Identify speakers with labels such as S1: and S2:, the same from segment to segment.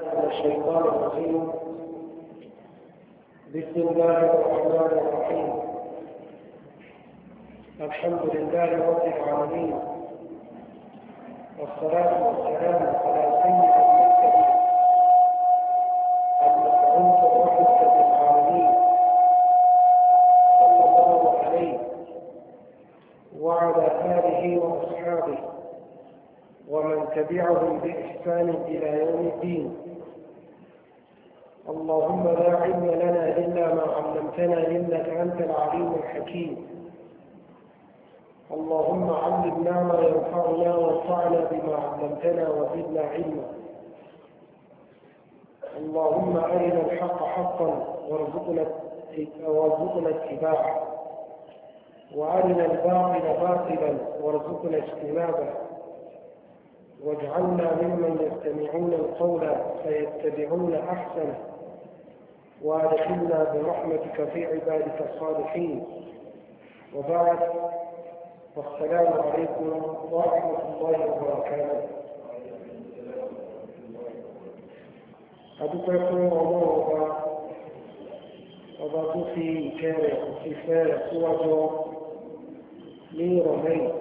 S1: الشيطان الرجيم بسم الله الرحمن الرحيم الحمد لله رب العالمين والصلاة والسلام على سيد المرسلين المبعوث الرحمة للعالمين صلى الله عليه وعلى آله وأصحابه ومن تبعهم بإحسان إلى يوم الدين اللهم لا علم لنا إلا ما علمتنا إنك أنت العليم الحكيم اللهم علمنا ما ينفعنا وانفعنا بما علمتنا وزدنا علما اللهم أرنا الحق حقا وارزقنا اتباعه وأرنا الباطل باطلا وارزقنا اجتنابه واجعلنا ممن يستمعون القول فيتبعون أحسنه وادخلنا برحمتك في عبادك الصالحين وبعد والسلام عليكم ورحمة الله وبركاته أدوك يكون الله وبا وبا توفي كاري في فارة سواجو من رمي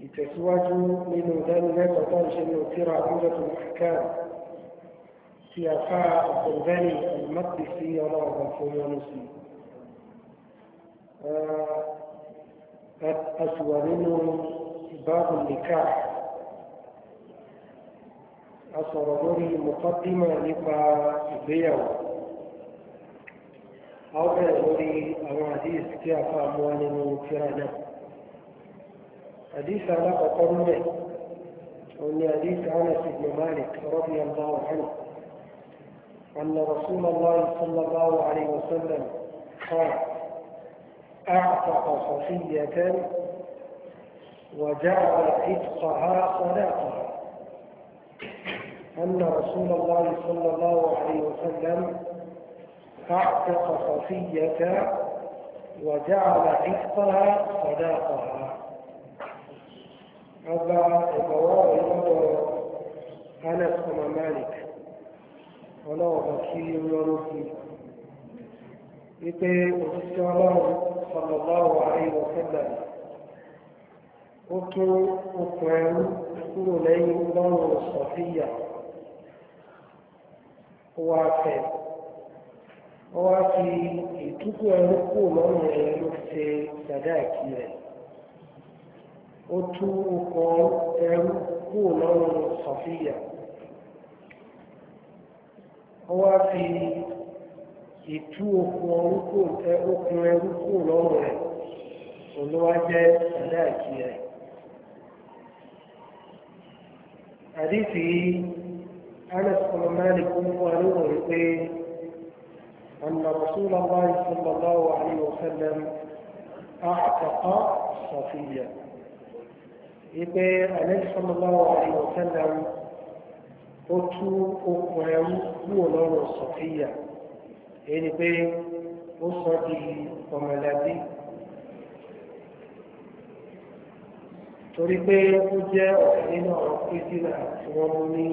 S1: يتسواجو من ذلك وطنش من اتراء دولة الحكام سياسة الضرباني المدرسي ولا الضرباني المسلم أسوارين باب النكاح أسوارين مقدمة لقاء بيو أو أسوارين أواديس كيافة موانين كرانا حديث على قطرنا وني حديث أنس بن مالك رضي الله عنه أن رسول الله صلى الله عليه وسلم قال أعتق صفية وجعل عتقها صداقها أن رسول الله صلى الله عليه وسلم أعتق صفية وجعل عتقها صداقها هذا البواب أنس بن مالك ọlọ́ọ̀bọ̀ kí yọrọ sí wípé òṣìṣẹ́ ọlọ́run sọlọ́láwọ̀ àríwọ̀ sílẹ̀ ó tún okùn ẹrú kúrò lẹ́yìn lọ́rùn sọ̀fíyà ó wá fẹ́ ó wá fi ìtúkù ẹrú kúrò lọ́rùn rẹ̀ ló ṣe dàdá ìkí rẹ̀ ó tún okùn ẹrú kúrò lọ́rùn sọ̀fíyà ọwọ́ fi ìtú okun orúkún okun ẹrúkún lọ́rùn rẹ̀ olówó jẹ́ ẹ̀dá àti rẹ̀. àdìsí Anas bin fún àlùwò rí pé أن رسول الله صلى الله عليه وسلم أعتق صفية. إيه النبي صلى الله عليه وسلم ó tú okùn ẹrú kúrò lọ́rọ̀ sọ̀fíyà èyí pé ó sọ di ọmọlẹ́bí torí pé ó jẹ́ ọ̀kan nínú àwọn kírísítà tí wọ́n mú ní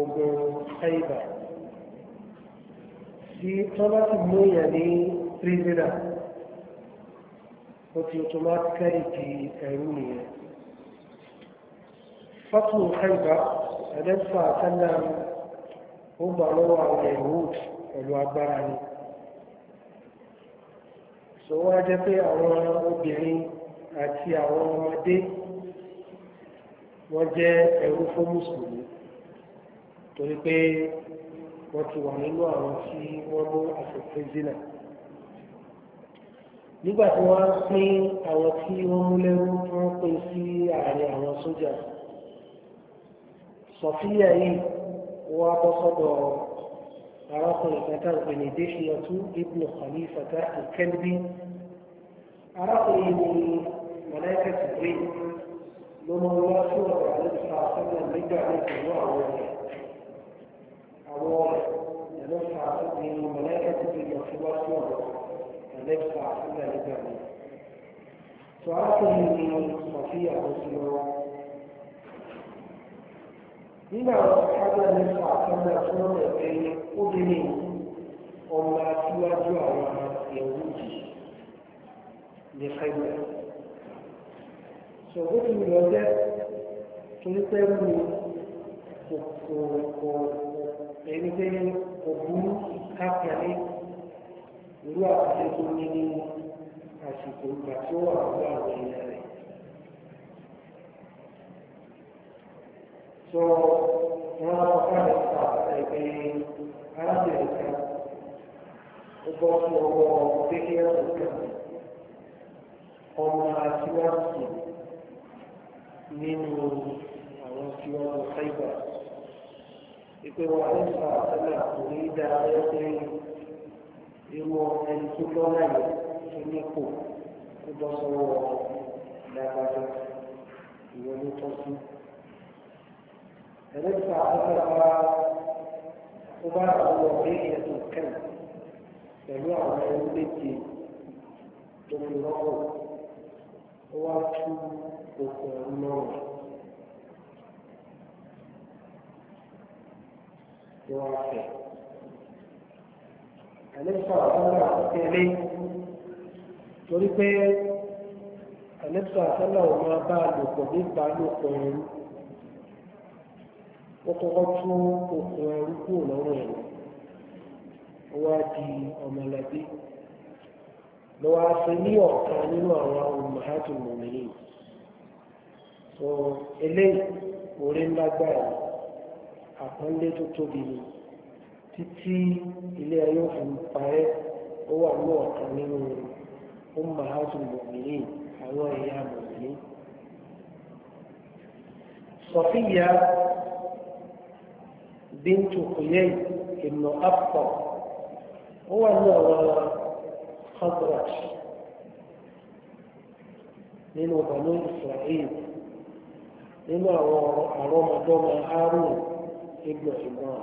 S1: ogun ṣáìbà tí tọ́lá ti mú yẹn ní kírísítà ó ti automatically di ẹrú nìyẹn fọ́tún ṣáìbà ẹ̀lẹ́sì àtẹ́lẹ̀ ó gbà lọ́wọ́ àwọn ẹ̀hùd pẹ̀lú agbára ni sọwọ́ ajẹ́ pé àwọn obìnrin àti àwọn ọmọdé wọ́n jẹ́ ẹrú fún mùsùlùmí torí pé wọ́n ti wà nínú àwọn tí wọ́n mú àfẹ́fẹ́ zina nígbà tí wọ́n pín àwọn tí wọ́n mú lẹ́rú wọ́n pín sí àárín àwọn sójà صفية إيه وبصد أراقل الفتاة بن دحية ابن خليفة الكلبي أراقل إيه ملائكة جبريل لما الله سورة عليه الصلاة والسلام بدع عليك الله أولا أولا ينفع من ملائكة جبريل وخبار سورة عليه الصلاة والسلام بدع عليك فأراقل صفية أو سورة nígbà ọ̀pọ̀lọpọ̀ nípa àtọ́nà tí wọ́n rẹ̀ pé obìnrin ọmọ síwájú àwọn ẹ̀wù jì ní kẹ́gbẹ́. sọ̀rọ̀ tí mo lọ jẹ́ torí pé mo kò ẹni pé kò burú kápẹ́lẹ́ irú àkàtẹ́ tó ní ní àsìkò ìgbà tí ó wà lọ́wọ́ àwọn ènìyàn so wọn á kọ́ ẹ̀ fà ẹgbẹ́ arábìnrin kan ó bọ́ sí ọwọ́ kékeré ọ̀kan ọmọ aṣíwájú nínú àwọn aṣíwájú ṣáìbà ìpè wọn á fà ẹgbẹ́ àkùnrin ìdá ẹgbẹ́ irú ẹni tó lọ́nà yìí tó nípò ó bọ́ sọ́wọ́ lágbájá. ربط أثرها وبعض وضعية الكلب pẹ̀lú àwọn ẹrú méje tó fi rọ́pò ó wá tú oko ẹrú lọ́rùn tó wá fẹ̀. Àlẹ́sà àtọ́lá tẹ̀lé torí pé àlẹ́sà àtọ́lá ò máa bá a lò lóko ẹrú wọ́n kọ́kọ́ tún okùn ẹrú kúrò lọ́rùn ẹ̀rọ wọ́n á di ọmọlẹ́bí lọ́wọ́ á fi ní ọ̀kan nínú àwọn olùmọ̀hátù mọ̀mìnì so eléyìí orí ńlá gbáà àpọ́nlé tó tóbi ni títí ilé ayé fi parẹ́ ó wà ní ọ̀kan nínú olùmọ̀hátù mọ̀mìnì àwọn ẹ̀yà mọ̀mìnì sọ̀fíyà. بنت حيي بن أبطر هو نوى خضرش من بنو إسرائيل من هو أروم دوم هارون ابن عمران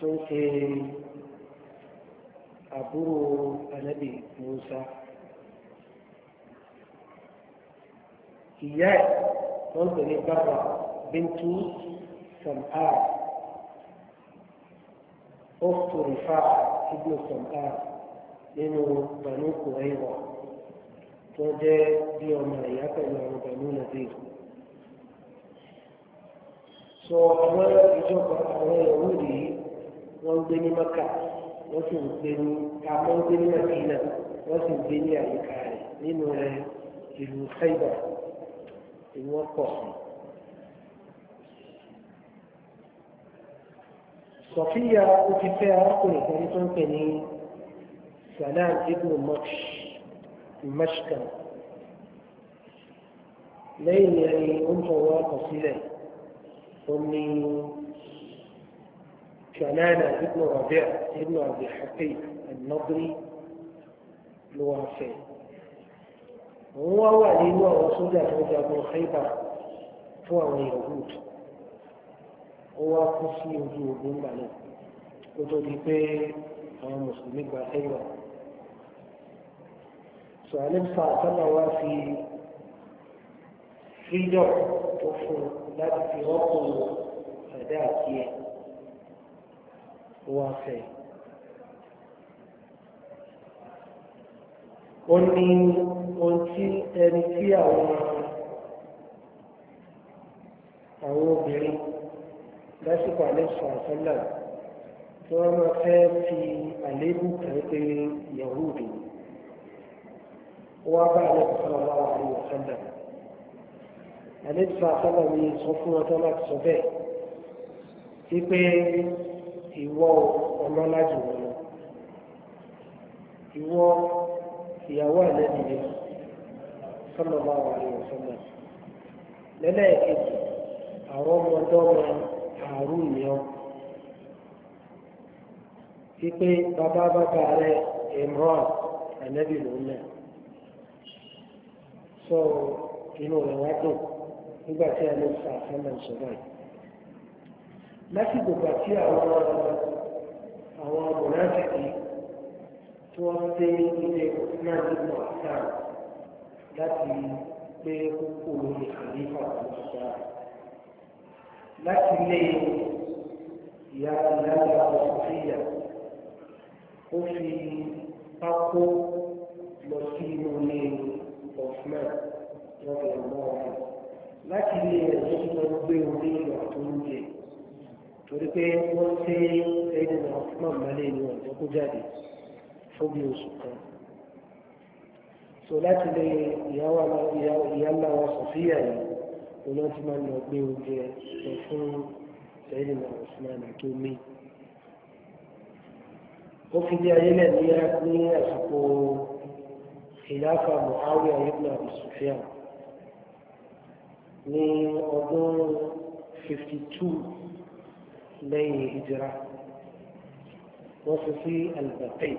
S1: توفي أبو النبي موسى إياه تنتهي بابا بنت سمعان أخت رفاعة ابن سمعان من بنو قريظة توجه بيوم إياك إلى بنو نذير so àwọn ìjọba àwọn ìyàwó yìí wọ́n gbé ní maka wọ́n sì ń gbé ní àmọ́ ń gbé ní madina wọ́n sì ń gbé ní àyíká rẹ̀ nínú rẹ̀ ìlú Khaybar ìwọ́n pọ̀ sí i. sọ̀fíà ó ti fẹ́ arákùnrin kan tó ń pè ní salam ibn mashkan lẹ́yìn ẹni ó ń fọwọ́ ọkọ̀ sílẹ̀ ó ní كنانة ابن ربيع ابن أبي حقيق النضري لوافيه wọ́n wà nínú àwọn sójà tó jagun Khaybar fún àwọn Yahud ó wá kú sí ojú ogun ńgbà náà kó tó di pé àwọn mùsùlùmí gba ẹ̀yọ̀ sọ àlẹ́fà àtàlà wá fi freedom tó fún láti fi rọ́pò àdá àti ẹ̀ wá fẹ́. ó ní ohun tí ẹni tí àwọn àwọn obìnrin lásìkò àlẹ́sọ̀ àṣálà tí wọ́n máa fẹ́ fi àléébù kan pé Yahudi wọ́n bá àlẹ́sọ̀ sọ́lá wà ní àṣálà àlẹ́sọ̀ àṣálà ni sọ fún wọn tó láti sọ bẹ́ẹ̀ wípé ìwọ ọlọ́lá jù wọn lọ ìwọ ìyàwó àlẹ́bí ni sọ́lá wà ní àṣálà lẹ́lẹ́ẹ̀kejì àwọn ọmọdé ọmọ àrùn ni ọ wípé bàbá bàbá rẹ imran ànábì ló lẹ sọ inú rẹ wá dùn nígbà a sa àfẹnà ìṣọ̀rọ̀ yìí láti gbogbo àwọn àwọn abùnáfìkì tí wọ́n dé ilé náà nínú láti pé kókó lórí àlífà láti lé ìyá ìyáàlá ọ̀sọ̀fíyà ó fi pákó lọ sí inú ilé ọ̀fman lọ́dọ̀ ọ̀gbọ́n ọ̀fẹ́ láti lé ẹ̀jẹ̀ tó lọ gbé orí ìwà tó ń jẹ torí pé wọ́n ṣe ẹni ọ̀fman mọ́lẹ̀ ní ọ̀jọ́ kó jáde fún oṣù kan so láti lé ìyá ńlá wa sọ̀fíyà yìí ونجمع نبيه في الحوم علم عثمان حكيمي وفي ديالنا ديالنا أسقو خلافة معاوية ابن أبي سفيان ni ọdún 52 lẹ́yìn ìjìrá wọ́n fi sí albapé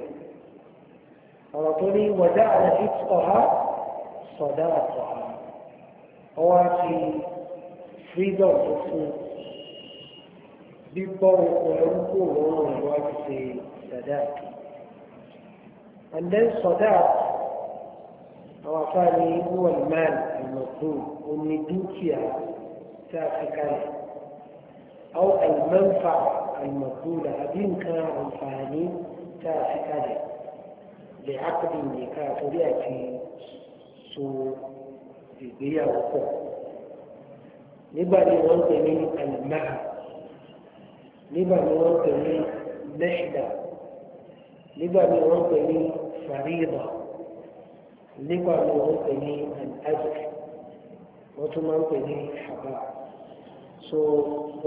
S1: ọ̀rọ̀ tó ní wọ̀dá àrẹ́ ìtọ́ha sọ̀dá àtọ́ha ọwọ́ àti freedom tó fún bíbọ́ ọkọ̀ ẹrú kò lọ́rùn ẹ̀rọ àti ṣe sàdáà and then sàdáà àwọn afáàní wọ́n máa ìmọ̀tò omi dúkìá tá a fi kalẹ̀ أو المنفعة المقبولة بإمكان أنفاني تافكة لعقد النكاح لأتي سوء ìgbéyàwó pọ̀ nígbà tí wọ́n pè ní alimaha nígbà tí wọ́n pè ní lẹ́ṣìdà nígbà tí wọ́n pè ní fàríyà nígbà tí wọ́n pè ní àjẹ́ wọ́n tún máa ń pè ní àbá so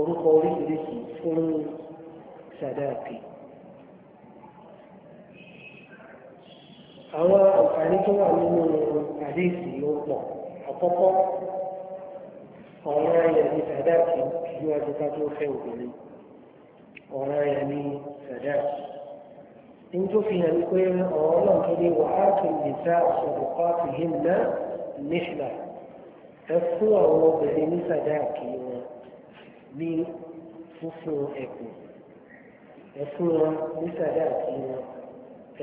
S1: orúkọ oríṣiríṣi fún sàdáàkì. àwọn àǹfààní tó wà nínú àdéhìsì ló pọ̀ àkọ́kọ́ ọ̀ràn ayẹ̀ ni sàdáàkì kí wọ́n ti ká tó fẹ́ obìnrin ọ̀ràn ayẹ̀ ni sàdáàkì ní tó fi hàn pé ọ̀rọ̀ náà tó ní wàhálà tó lè dá ọ̀sọ̀rọ̀ pàtó yìí ná níṣìlá ẹ fún àwọn obìnrin ní sàdáàkì wọn ní fúnfún ẹ̀bùn ẹ fún wọn ní sàdáàkì wọn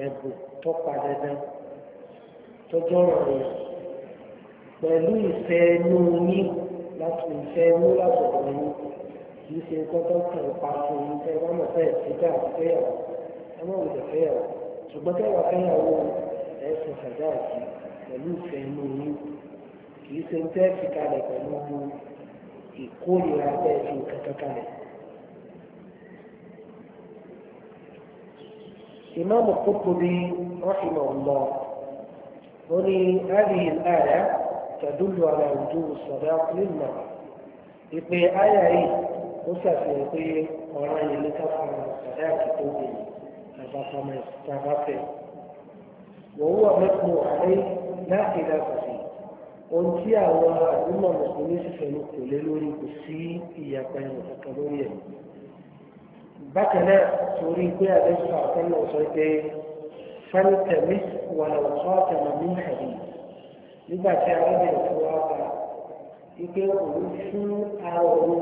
S1: ẹ̀bùn tó padà dán tó jọ̀rọ̀ yẹn pẹ̀lú ìfẹ́ inú yín láti ìfẹ́ inú láti ọ̀dọ̀ yín kì í ṣe tọ́tọ́ kan pa fún yín tẹ́ wọ́n mọ̀ fẹ́ẹ̀ sí dáa fẹ́yàwó ẹ mọ̀ wò lè fẹ́yàwó ṣùgbọ́n tẹ́wà fẹ́yàwó ẹ̀sùn ṣàdá àti pẹ̀lú ìfẹ́ inú yín kì í ṣe tẹ́ fi kalẹ̀ pẹ̀lú ìkórìíra tẹ́ fi kankan kalẹ̀. إمام القرطبي رحمه الله ولي هذه الآية tẹ̀dúlù ara òjò sọ̀dá nílò ìpè àyà yìí ó ṣàfihàn pé ọ̀ràn yìí ní káfíńà sọ̀dá àkìtó bèèrè àbáfọ́mọ́ ìtàbáfẹ́. wọ́n wà mẹ́kùn àárẹ̀ láti dàgbàsí ohun tí àwọn àdúmọ̀ mùsùlùmí sì fẹ́ kò lé lórí kò sí ìyàpá ẹ̀rọ kankan lórí ẹ̀. bákan torí pé àdéhùn àtẹ́lẹ̀ sọ pé fẹ́ntẹ̀mí wà lọ́wọ́ sọ́ọ̀tẹ̀mọ̀ ní àdéhùn nígbà tí arábìnrin tó wá bá wípé òun fún ara òun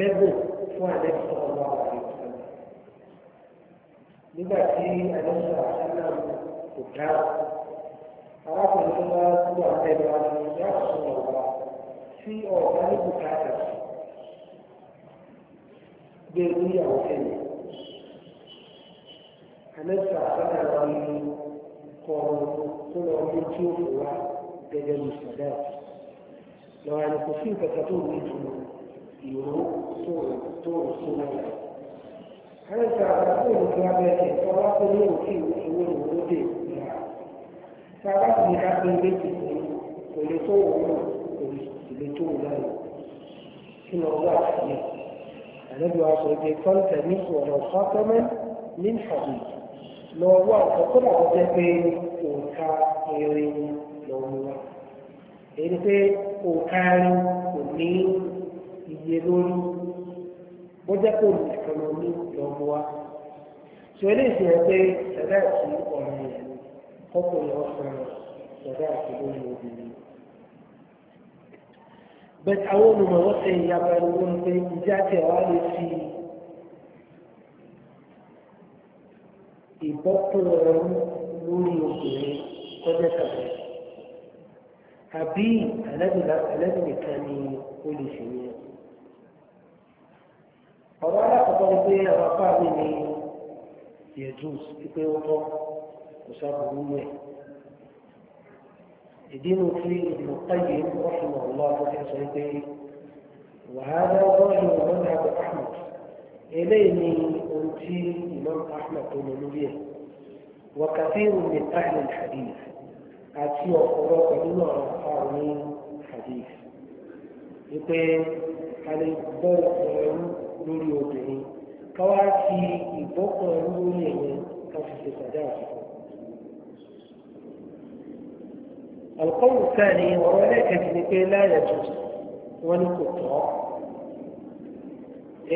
S1: lẹ́bùn fún àlẹ́sọ̀ ọmọ àlẹ́ nígbà tí àlẹ́sọ̀ àṣálà kò dára arákùnrin tó wá kú àtẹnu àti ìyá àṣọ ọ̀gá sí ọ̀gá ní bùkátà gbé níyàwó ẹ̀yìn àlẹ́sọ̀ àṣálà wọn ni kọ̀ọ̀rọ̀ tó lọ bí tí ó fi gẹ́gẹ́ bí sọ̀dá lọ́wọ́ ẹni kò sí ìkẹ̀kẹ́ tó ní ju ìró tó tó súnmọ́ rẹ̀. kárẹ́sì àwọn tó ń gba bẹ́ẹ̀ tó wá pé ní òfin owó ìwúrò dè nà. tá a bá sì ní ká pé méjì ní kò lè tó wọ́n mọ̀ tó wọ́n jẹ́ pé òǹkà irin lọ́wọ́ mú wa èyí ni pé kò kárí kò ní iye lórí bó jẹ́ kó nìkan lọ ní lọ́wọ́ wa tí o lè fi hàn pé ṣẹ̀dá àti ọ̀rọ̀ yẹn kọ́kọ́ yẹn wọ́n fẹ́ràn ṣẹ̀dá àti lórí obìnrin. bẹ́ẹ̀ àwọn olùmọ̀ ṣe ìyàbá ẹni wọ́n pé ìjà tẹ̀ wá lè fi ìbọ́kùn ẹ̀rọ lórí obìnrin kọjá tàbí. أبي الذي لازم يتاني كل شيء فضالة قطرية وقعني يجوز يقيوطو وصاب روية يدين في ابن القيم رحمه الله في صحيحه وهذا ظاهر مذهب أحمد إليني أنتي إمام أحمد ومنوليه وكثير من أهل الحديث àti ọ̀pọ̀lọpọ̀ nínú àwọn afárá ní hadith wípé a lè bọ́ ọ̀pọ̀ ẹrú lórí obìnrin káwá fi ìbọ́pọ̀ ẹrú lórí ẹ̀yẹn ká fi ṣe sàdá àsìkò. àlùkọ́wù káàní ọ̀rọ̀ ẹlẹ́ẹ̀kejì ni pé láyà tuntun wọ́n ní kò tọ́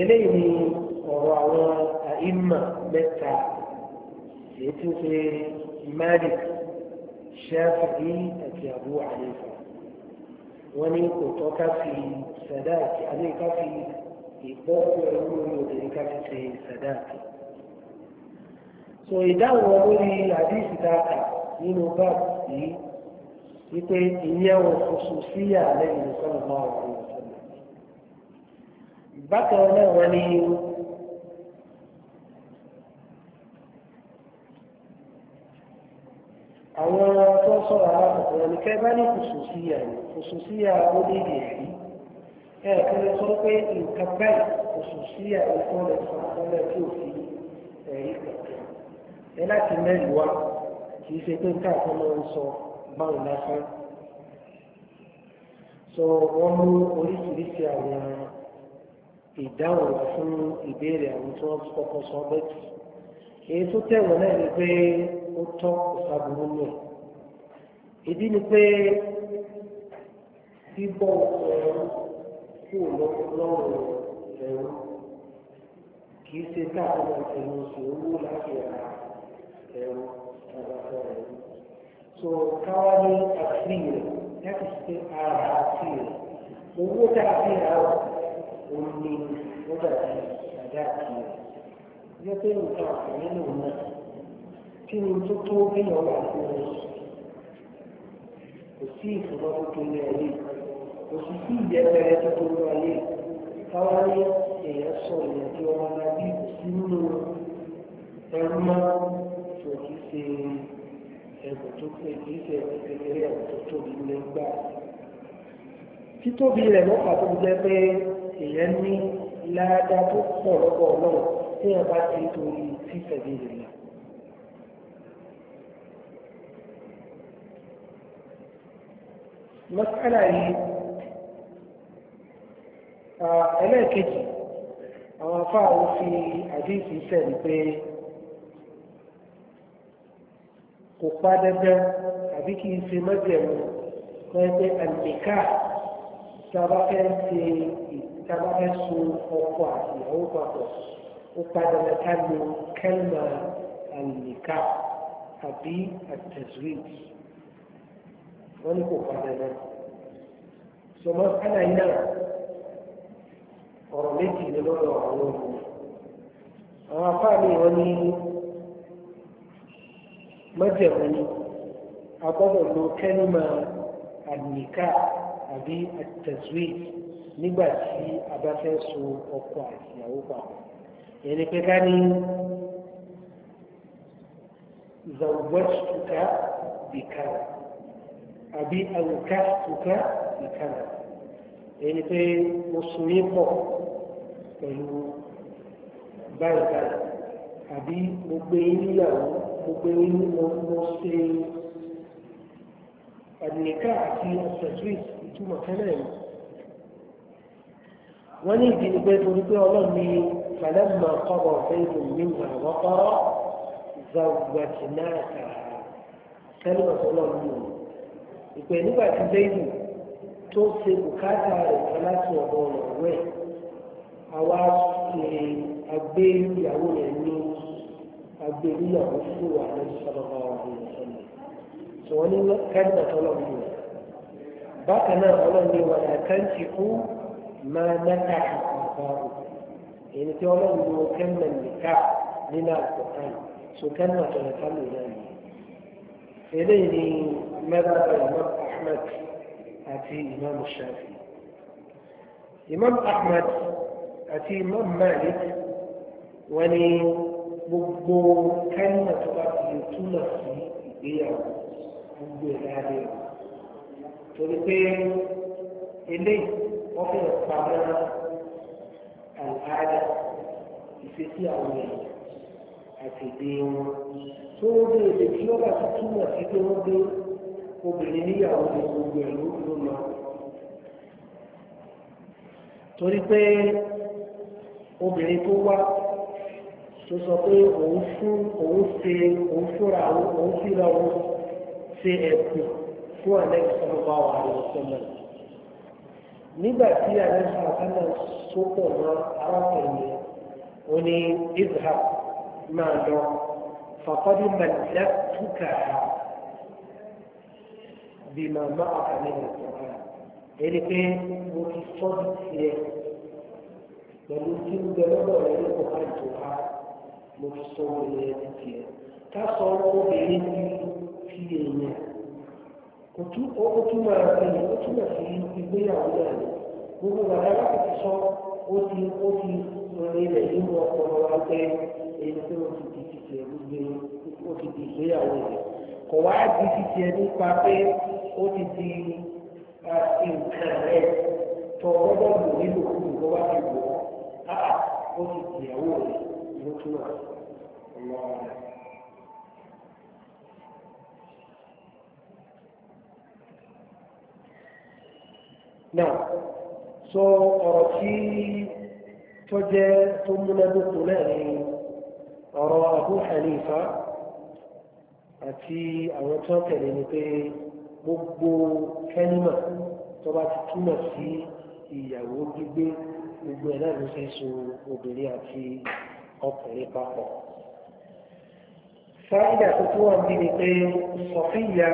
S1: eléyìí ni ọ̀rọ̀ àwọn àìmà mẹ́ta èyí tí ṣe Malik Shafi'i àti Abu Hanifa wọ́n ní kò tọ́ ká fi sàdáàkì àbí ká fi ìgbọ́kú ẹ̀rú orí obìnrin ká fi ṣe sàdáàkì. so ìdáhùn lórí àdísì dáàkà nínú báàbù yìí wípé ìyẹn wọn kòsù síyà lẹ́yìn ìsọ̀rọ̀ máa wà ní ìsọ̀rọ̀. bákan náà wọ́n ní àwọn tó sọ̀rọ̀ alákọ̀ọ́kọ́ wọn ni kẹ́ bá ní kùsùsíyà ni kùsùsíyà ó lè yẹ̀ rí ẹ̀ kí ló sọ pé nǹkan báyìí kùsùsíyà ó kọ́ lẹ̀ fún àkọọ́lẹ̀ tí ò fi ẹ̀rí kọ̀ọ̀kan ẹ láti mẹ́rin wá kì í ṣe pé nǹkan kan máa ń sọ báwọn lásán so wọ́n mú oríṣiríṣi àwọn ìdáhùn fún ìbéèrè àwọn tí wọ́n kọ́kọ́ sọ bẹ́ẹ̀ tó tẹ̀wọ̀n náà ni pé ó tọ́ ìsàbùrù lẹ̀. ìdí ni pé bíbọ̀ ẹ̀rú kú lọ́rùn ẹ̀rú kì í ṣe káàkiri ẹ̀rú sí owó láti ẹ̀rá ẹ̀rú ẹ̀rọ ẹ̀rú. so káwá ní àti rẹ̀ láti ṣe ara àti rẹ̀ owó tá a fi rà ó òun ni ó dàbí àdá àti rẹ̀ yẹ nǹkan àkànní lòun náà kí ni tó tó kéèyàn wà fún un kò sí ìfúnná tó tó ní ayé kò sì sí ìyẹ́pẹ̀rẹ́ tó tó ní ayé káwá ní èèyàn sọ ìyẹn tí wọ́n máa bí kò sí nínú ẹrú máa tó kì í ṣe ẹ̀bùn tó pé kì í ṣe ẹ̀bùn kékeré ẹ̀bùn tó tóbi ní gbà.
S2: títóbi rẹ̀ lọ́pàá tó jẹ́ pé èèyàn ní ládàá tó pọ̀ lọ́pọ̀ náà
S1: tí wọ́n bá ti torí fífẹ̀dé rẹ̀ náà. mọ́sálà yìí ẹlẹ́ẹ̀kejì àwọn afáàwọ̀ fi àdéhìí sẹ́ni pé kò pa dandan àbí kì í ṣe mọ́jẹ̀mú pẹ́ẹ́pẹ́ àlùkà tábà fẹ́ ṣe tábà fẹ́ so ọkọ àti ìyàwó papọ̀ ó pa dandan ká lo kẹ́lìmà àlùkà àbí àtẹ̀síwìtì wọ́n ní kò pa dandan sọmọ kánà yìí náà ọ̀rọ̀ méjì ni lọ́rọ̀ àwọn olùkọ́ àwọn afáàmì wọn ní mọ́jẹ̀mú ni a gbọ́dọ̀ lo kẹ́límà àdìníkà àbí àtẹ̀síwì nígbà tí a bá fẹ́ so ọkọ àti ìyàwó papọ̀ ẹni pé ká ní zawwajtuka bìkàrà àbí àwùká ìka ìkànnà èyí pé mo sùn yín pọ̀ pẹ̀lú báyìí báyìí àbí mo gbé yín níyàwó mo gbé yín mo ṣe àdìníkà àti ọ̀sẹ̀tírì ìtumọ̀ tẹ́lẹ̀ mi. wọ́n ní ìdí nígbẹ́ torí pé ọlọ́run ní فلما قضى زيد منها وطرا زوجناكها كلمة الله ìpè nígbà tí lẹ́yìn tó ṣe bùkátà rẹ̀ kan láti ọ̀dọ̀ ọ̀rọ̀ rẹ̀ àwa ṣe agbé ìyàwó rẹ̀ ní agbé níyàwó fún wa lẹ́yìn sábàbà ọ̀rọ̀ rẹ̀ sọ́nà tí wọ́n ní kẹ́ńtà tọ́lọ̀ mi rẹ̀ bákan náà ọlọ́run ní wàdà kẹ́ńtì kú máa mẹ́ta àkàkọ́ èyí tí ọlọ́run ní kẹ́ńtà nìka nínú àkọ́kọ́ yìí. إليه مذهب الإمام أحمد أتي إمام الشافعي إمام أحمد أتي إمام مالك وني بو كلمة تقاتل تنصي هي بو هذه تلقين إلي وفي الصلاة الآية في سيئة àti èdè wọn tó ní èdè tí ó bá ti túmọ̀ sí pé wọ́n gbé obìnrin níyàwó ní gbogbo ẹ̀ ló lọ. torí pé obìnrin tó wá tó sọ pé òun fún òun ṣe òun fúnra òun fúnra òun ṣe ẹ̀kùn fún àlẹ́kì sọ́dọ̀bá wà ní ọ̀sẹ̀lẹ̀. nígbà tí àlẹ́kì sọ́dọ̀bá sọ́pọ̀ mọ́ arákùnrin ó ní ibrahim máa lọ fàkọ́dí màlẹ́kùkà bí màmá àkàlẹ́ ìrọ̀kọ́ ẹni pé mo ti sọ́dún tiẹ̀ pẹ̀lú tí ń bẹ lọ́dọ̀ rẹ̀ ní kọ̀ọ̀kan ìtura mo ti sọ wọlé ẹni tiẹ̀ ká sọ obìnrin ti ti èèyàn kò tún ó tún máa fi ó túmọ̀ sí ìgbéyàwó náà gbogbo wàhálà láti sọ ó ti ó ti lórí ilẹ̀ nínú ọpọlọ wa pé èyí tó o ti di títì ẹ̀ gbogbo o ti di ìgbéyàwó rẹ̀ kò wá di títì ẹ̀ nípa pé ó ti di nǹkan rẹ̀ tó gbọ́dọ̀ lò nínú kúrò tó bá ti wọ̀ áà ó ti di ìyàwó rẹ̀ ló túmọ̀ ọlọ́run rẹ̀. Now, so ọ̀rọ̀ تجا تمنا بطلان أرى أبو حنيفة أتي أو تنتهي gbogbo kẹ́nìmà tó bá ti túmọ̀ sí ìyàwó gbígbé gbogbo ẹ̀ náà ló fẹ́ so obìnrin àti ọkùnrin papọ̀. fáìdà tó tún wà bí ni pé sọfíìyà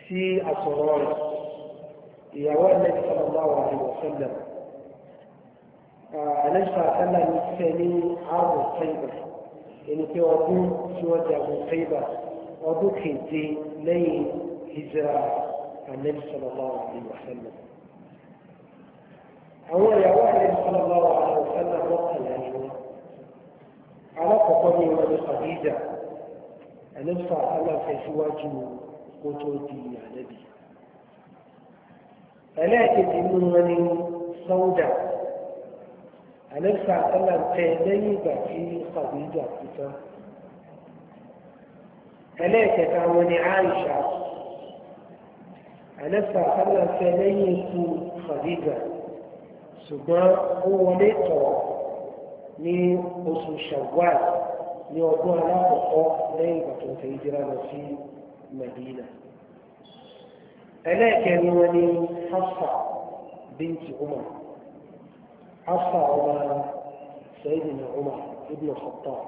S1: tí a sọ̀rọ̀ rẹ̀ ìyàwó ẹ̀lẹ́dì sọ̀rọ̀ bá wà ní wọ̀sẹ̀lẹ̀ àlẹ́sà àtàlà ní fẹ́ ní ààbò Khaybar ẹni pé ọdún tí wọ́n ti ààbò Khaybar ọdún keje lẹ́yìn hijira àlẹ́bí sallallahu alaihi wa sallam. àwọn ìyàwó àlẹ́bí sallallahu alaihi wa sallam mọ́kànlá ni wọ́n alákọ̀ọ́kọ́ ní wọn ní Khadija àlẹ́bí àtàlà fẹ́ síwájú kó tó di àlẹ́bí ẹlẹ́ẹ̀kejì nínú wọn ní Sauda àlẹ́sà àtàlà tẹ lẹ́yìn ìgbà tí Khadija kú tán ẹlẹ́ẹ̀kẹta wọn ni Aisha àlẹ́sà àtàlà tẹ lẹ́yìn ikú Khadija ṣùgbọ́n ó wọlé tọ̀ ní oṣù Shawwal ní ọdún alákọ̀ọ́kọ́ lẹ́yìn ìgbà tó tẹ ìdíra lọ sí Medina ẹlẹ́ẹ̀kẹrin wọn ni Hafsa bíntì Umar. أصعب سيدنا عمر ابن الخطاب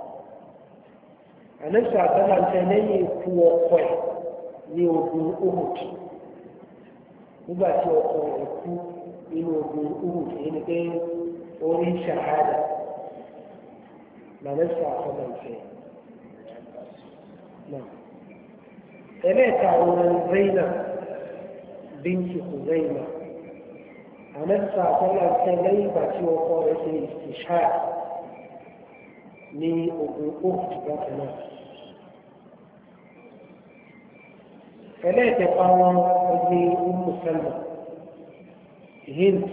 S1: أنا سأتبع ثاني قوة قوي ليوضي الأهد وبعد يوضي الأهد ليوضي الأهد إن كان أولي شهادة ما نسى أخذ الفين نعم ألا تعون الزينة بنت خزيمة àmẹ́ta àtọ́lá ṣe lẹ́yìn ìgbà tí ọkọ rẹ̀ ṣe ìṣá ní ogun òkùtù bákan náà. ẹlẹ́ẹ̀kẹfà wọn ní umu salma hind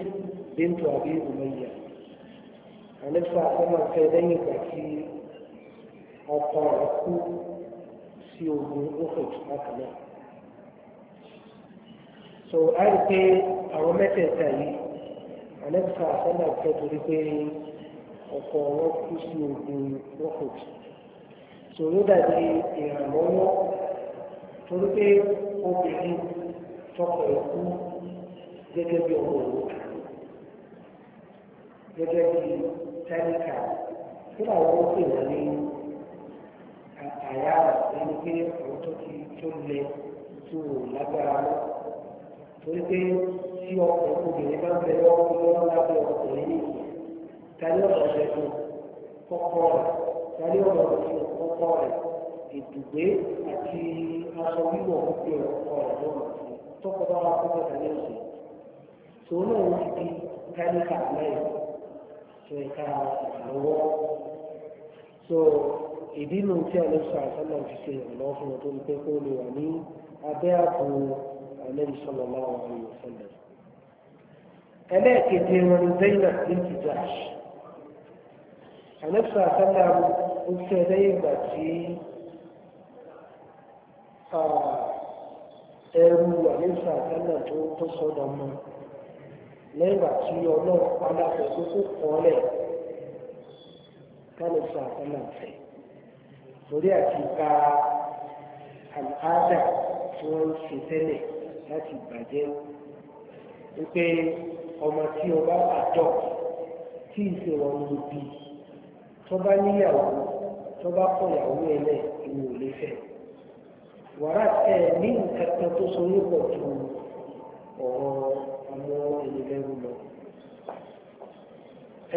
S1: bintu abi umayya àmẹ́ta àtọ́lá ṣe lẹ́yìn ìgbà tí ọkọ rẹ̀ kú sí ogun òkùtù náà so a rí pé àwọn mẹ́tẹ̀ẹ̀ta yìí àlẹ́bùsà àfẹ́lá ìfẹ́ torí pé ọ̀pọ̀ wọn kú sí ogun wọ́kùt so ló dàbí ìrànlọ́wọ́ torí pé obìnrin tọkọ ẹ̀kú gẹ́gẹ́ bí ọmọ òwò gẹ́gẹ́ bí tẹ́líkà tí àwọn ó pè wọ́n ní àyà ẹni pé àwọn tó ti tó lẹ tó lágbára náà torí pé tí ọkọ̀ obìnrin bá ń bẹ lọ́wọ́ lọ́wọ́ lábẹ́ ọkùnrin ní tàbí ọ̀rọ̀ rẹ̀ fún kọ́kọ́ rẹ̀ tàbí ọ̀rọ̀ rẹ̀ fún kọ́kọ́ rẹ̀ ìdùgbé àti aṣọ wíwọ̀ pé ọkọ̀ rẹ̀ lọ́wọ́ tọ́kọ̀ bá wà kọ́kọ́ tàbí ọ̀sẹ̀ tòun náà wọ́n ti di káníkà lẹ́yìn tó ẹ̀ka ìrànlọ́wọ́ so ìdí nu tí a lè sọ àtọ́nà fi ṣe ìrànlọ́wọ́ fún ọ tó النبي صلى الله عليه وسلم ألا كثير من زينب بنت جحش أنفسها سلم قلت ليبا في ẹrú àlẹ́sà àtàlà tó tó sọ́dọ̀ mọ́ lẹ́gbà tí ọlọ́run padà pẹ̀lú kó kọ́lẹ̀ kálẹ̀sà àtàlà tẹ̀ torí àti ka àlàádà tí wọ́n ń ṣe tẹ́lẹ̀ láti bàjẹ́ wípé ọmọ tí o bá àjọ tí ìṣe wọn ló bí tó bá níyàwó tó bá kọyàwó ẹlẹ ìwò lè fẹ́ wàrà ẹ ní nǹkan kan tó so ní pọ̀ ju ọ̀rọ̀ àwọn lọ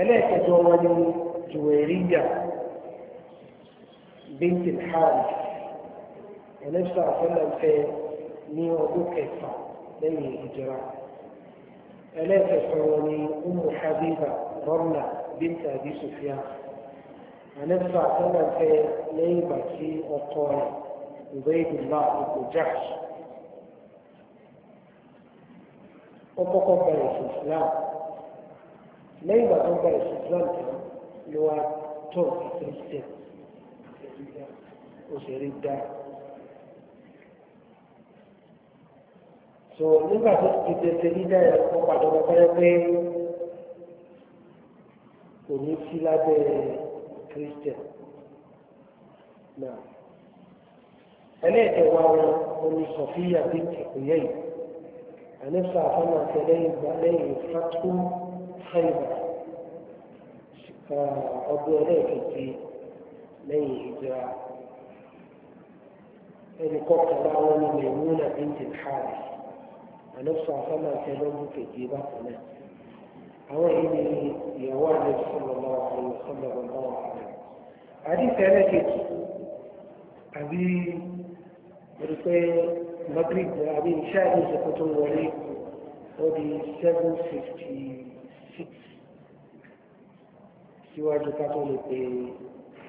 S1: ẹlẹ́ẹ̀kẹjọ wọn ni jùwẹ̀ríyà bíntì hàn ẹlẹ́sà fẹ́lẹ́ نيوبوك بين الهجرة ألا تسعوني أم حبيبة رملة بنت أبي سفيان أنفع ثلاثة ليبة في أطول وبيد الله أبو جحش وبقوا بأي سفلان ليبة أبو بأي سفلان لو توقف رسل وزير الدار so nígbà tó ti tètè nílẹ̀ ẹ̀kọ́ pàdé ọ̀pẹ́ pé kò ní sí lábẹ́ kírísítẹ̀ náà ẹlẹ́ẹ̀kẹwàá wọn oní sọfíà bí ìpìlẹ̀ yìí àníṣà àfọ́nà àtẹlẹ́yìn gbà lẹ́yìn fatu fẹ́yìnbà ọdún ẹlẹ́ẹ̀kejì lẹ́yìn ìjọra ẹnì kọkànlá wọn ni mẹ̀múnà bí ìtìlẹ̀ ànọ́sọ̀ àfọ́nà tẹ́lọ́mù kejì bákan náà àwọn èyí ni ìyàwó àlejò sọ̀rọ̀ lọ́wọ́ àlejò sọ̀rọ̀ lọ́wọ́ àlejò. àdìsẹ́ ẹlẹ́kejì àbí ẹni pé magrib àbí iṣẹ́ àdìsẹ́ kó tó wọlé ó di seven fifty six síwájú ká tó lè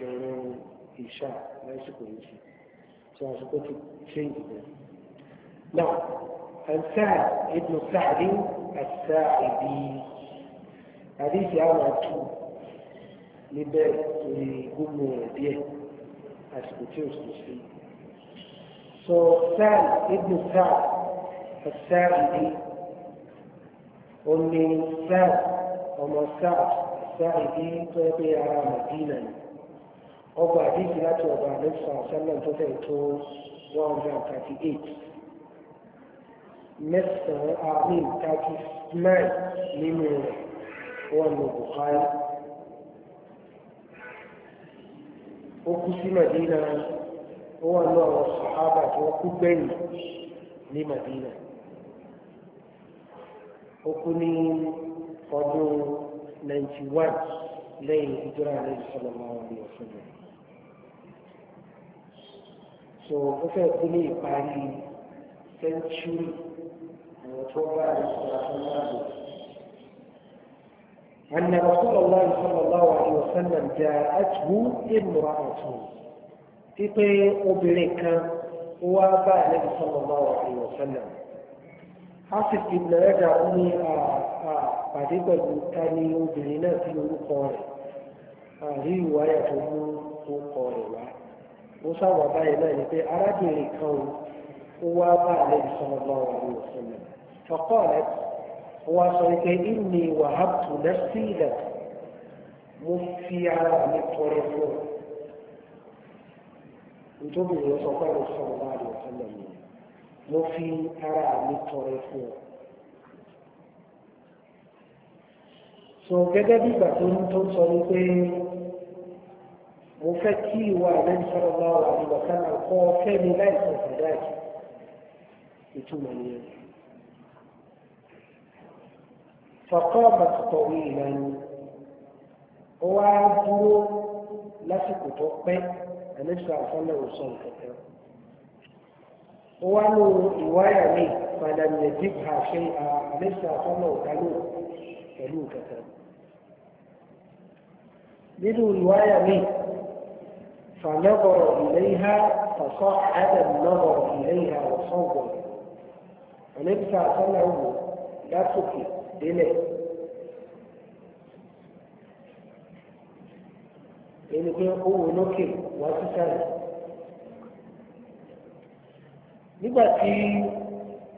S1: ẹ̀rọ ìṣá lásìkò yìí sí عن سعد بن سعد الساعدي حديث عام عبدو لبيت لقوم بيه أسكتوس مسلم so سعد بن سعد الساعدي أمي سعد أم سعد الساعدي طيب على مدينة أبو حديث لا تبع نفسه صلى الله عليه وسلم 138 mẹ́sàn-án àmín thirty nine nínú rẹ̀ wọ́n ní Bukhari. ó kú sí Madina ó wà ní àwọn sàhábà tí wọ́n kú gbẹ̀yìn ní Madina. ó kú ní ọdún ninety lẹ́yìn ìjọra lẹ́yìn sọlọ́mọ àwọn ọmọ so ó fẹ́ kú ní ìparí century. وتوفى أن رسول الله صلى الله عليه وسلم جاءته امرأته تطيع أبريكا وابا النبي صلى الله عليه وسلم حافظ ابن رجع أمي أعتقد أني أبرينا في القرى هذه رواية القرى ó sábà báyìí náà ni pé arábìnrin kan ó wá bá فقالت وصلت إني وهبت نفسي لك مفيعة للطرفون nítorí ìwé sọ pé àwọn sọ̀rọ̀ bá rẹ̀ tẹ́lẹ̀ so gẹ́gẹ́ bí ìgbà tó ń tó ń sọ ni pé mo fẹ́ kí ìwà àlẹ́ni sọ̀rọ̀ bá wà nígbà kan àkọ́ fẹ́ mi láìsọ̀ sàdáàkì ìtumọ̀ nìyẹn. فقامت طويلا وعبدوا لسكوا توقع النبي صلى الله عليه وسلم وانو رواية لي فلم يجبها شيئا النبي صلى الله عليه وسلم كلو كتاب لدو رواية لي فنظر إليها فصعد النظر إليها وصوبها النبي صلى الله عليه وسلم لا تكفي délẹ̀. èyí pé ó wò lókè wá sísàlẹ̀. nígbà tí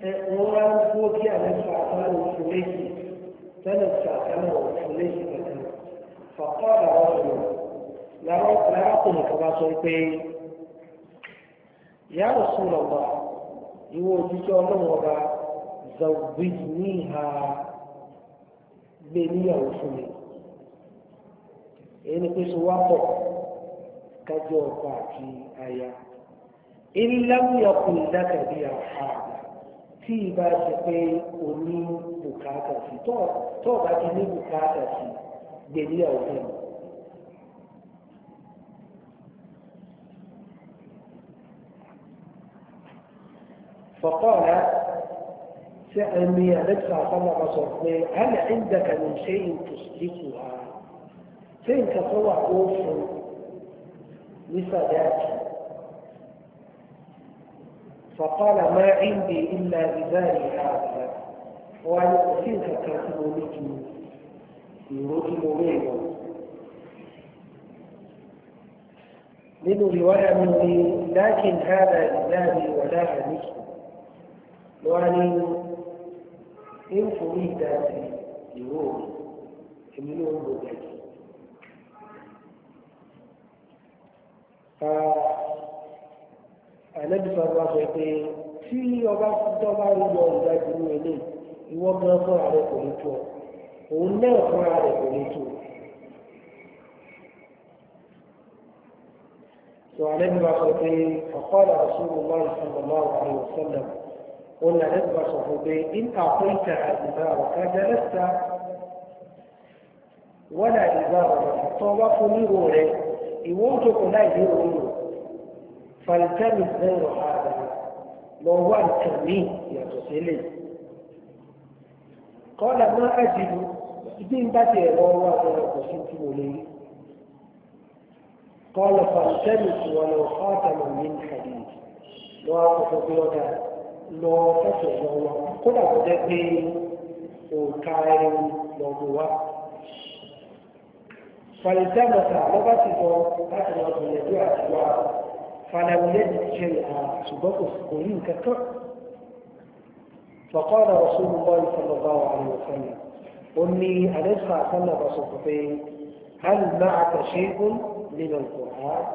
S1: eh, wọ́n wá ń dúró kí àwọn sàkánà oṣù méjì tẹ́lẹ̀ sàkánà oṣù méjì kankan fàkọ́ àwọn ọ̀rọ̀ lárákùnrin kan bá sọ pé ya Rasulullah ìwọ òjíṣẹ́ ọlọ́run ọba gbé níyàwó fún mi èyí ni pé so wá pọ̀ kájọ ọkọ àti aya ìlànà ọkùnrin dákàbí àfààní tí ìbá ṣe pé o ní bùkátà sí tó ọba ti ní bùkátà sí gbé níyàwó fún mi. فقال سألني أنكسع طلع صوتني هل عندك من شيء تسلكها فين تطلع قوس لصلاتي فقال ما عندي إلا بذاري هذا وأنا أسيرك كاتبونيك يروكي مريضا من رواية مني لكن هذا إلهي ولا أنيكم wọ́n ní ìfòrí ìdájí ìwò èmi ló ń lò dájú. àlẹ́bíṣọ́ bá sọ pé tí ọba tó bá ń yọ ìdájú ní ilé ìwọ gan fúnra rẹ kò ní tó ọ òun náà fúnra rẹ kò ní tó ọ. وعن ابن مسعود فقال رسول الله صلى الله عليه وسلم قلنا نسبة صحبين إن أعطيتها إزارك جلست ولا إزارك طواف لغوري يوجد لا يغير فالتمس غير هذا لو هو التمييز يتصلي قال ما أجد إذن بدي لو هو التمييز قال فالتمس ولو خاتم من حديد لو أعطيت lọ fẹsẹ̀ lọ wa kódà kò jẹ́ pé òǹkà ẹni lọ́gbọ̀n wa. Fàlìjá mọ̀tà lọ́bá ti lọ láti lọ gbìyànjú àti wá فلم يجد سبقه سكونين كثر فقال رسول الله صلى الله عليه وسلم أمي أنسى سنة بسطتين هل معك شيء من القرآن؟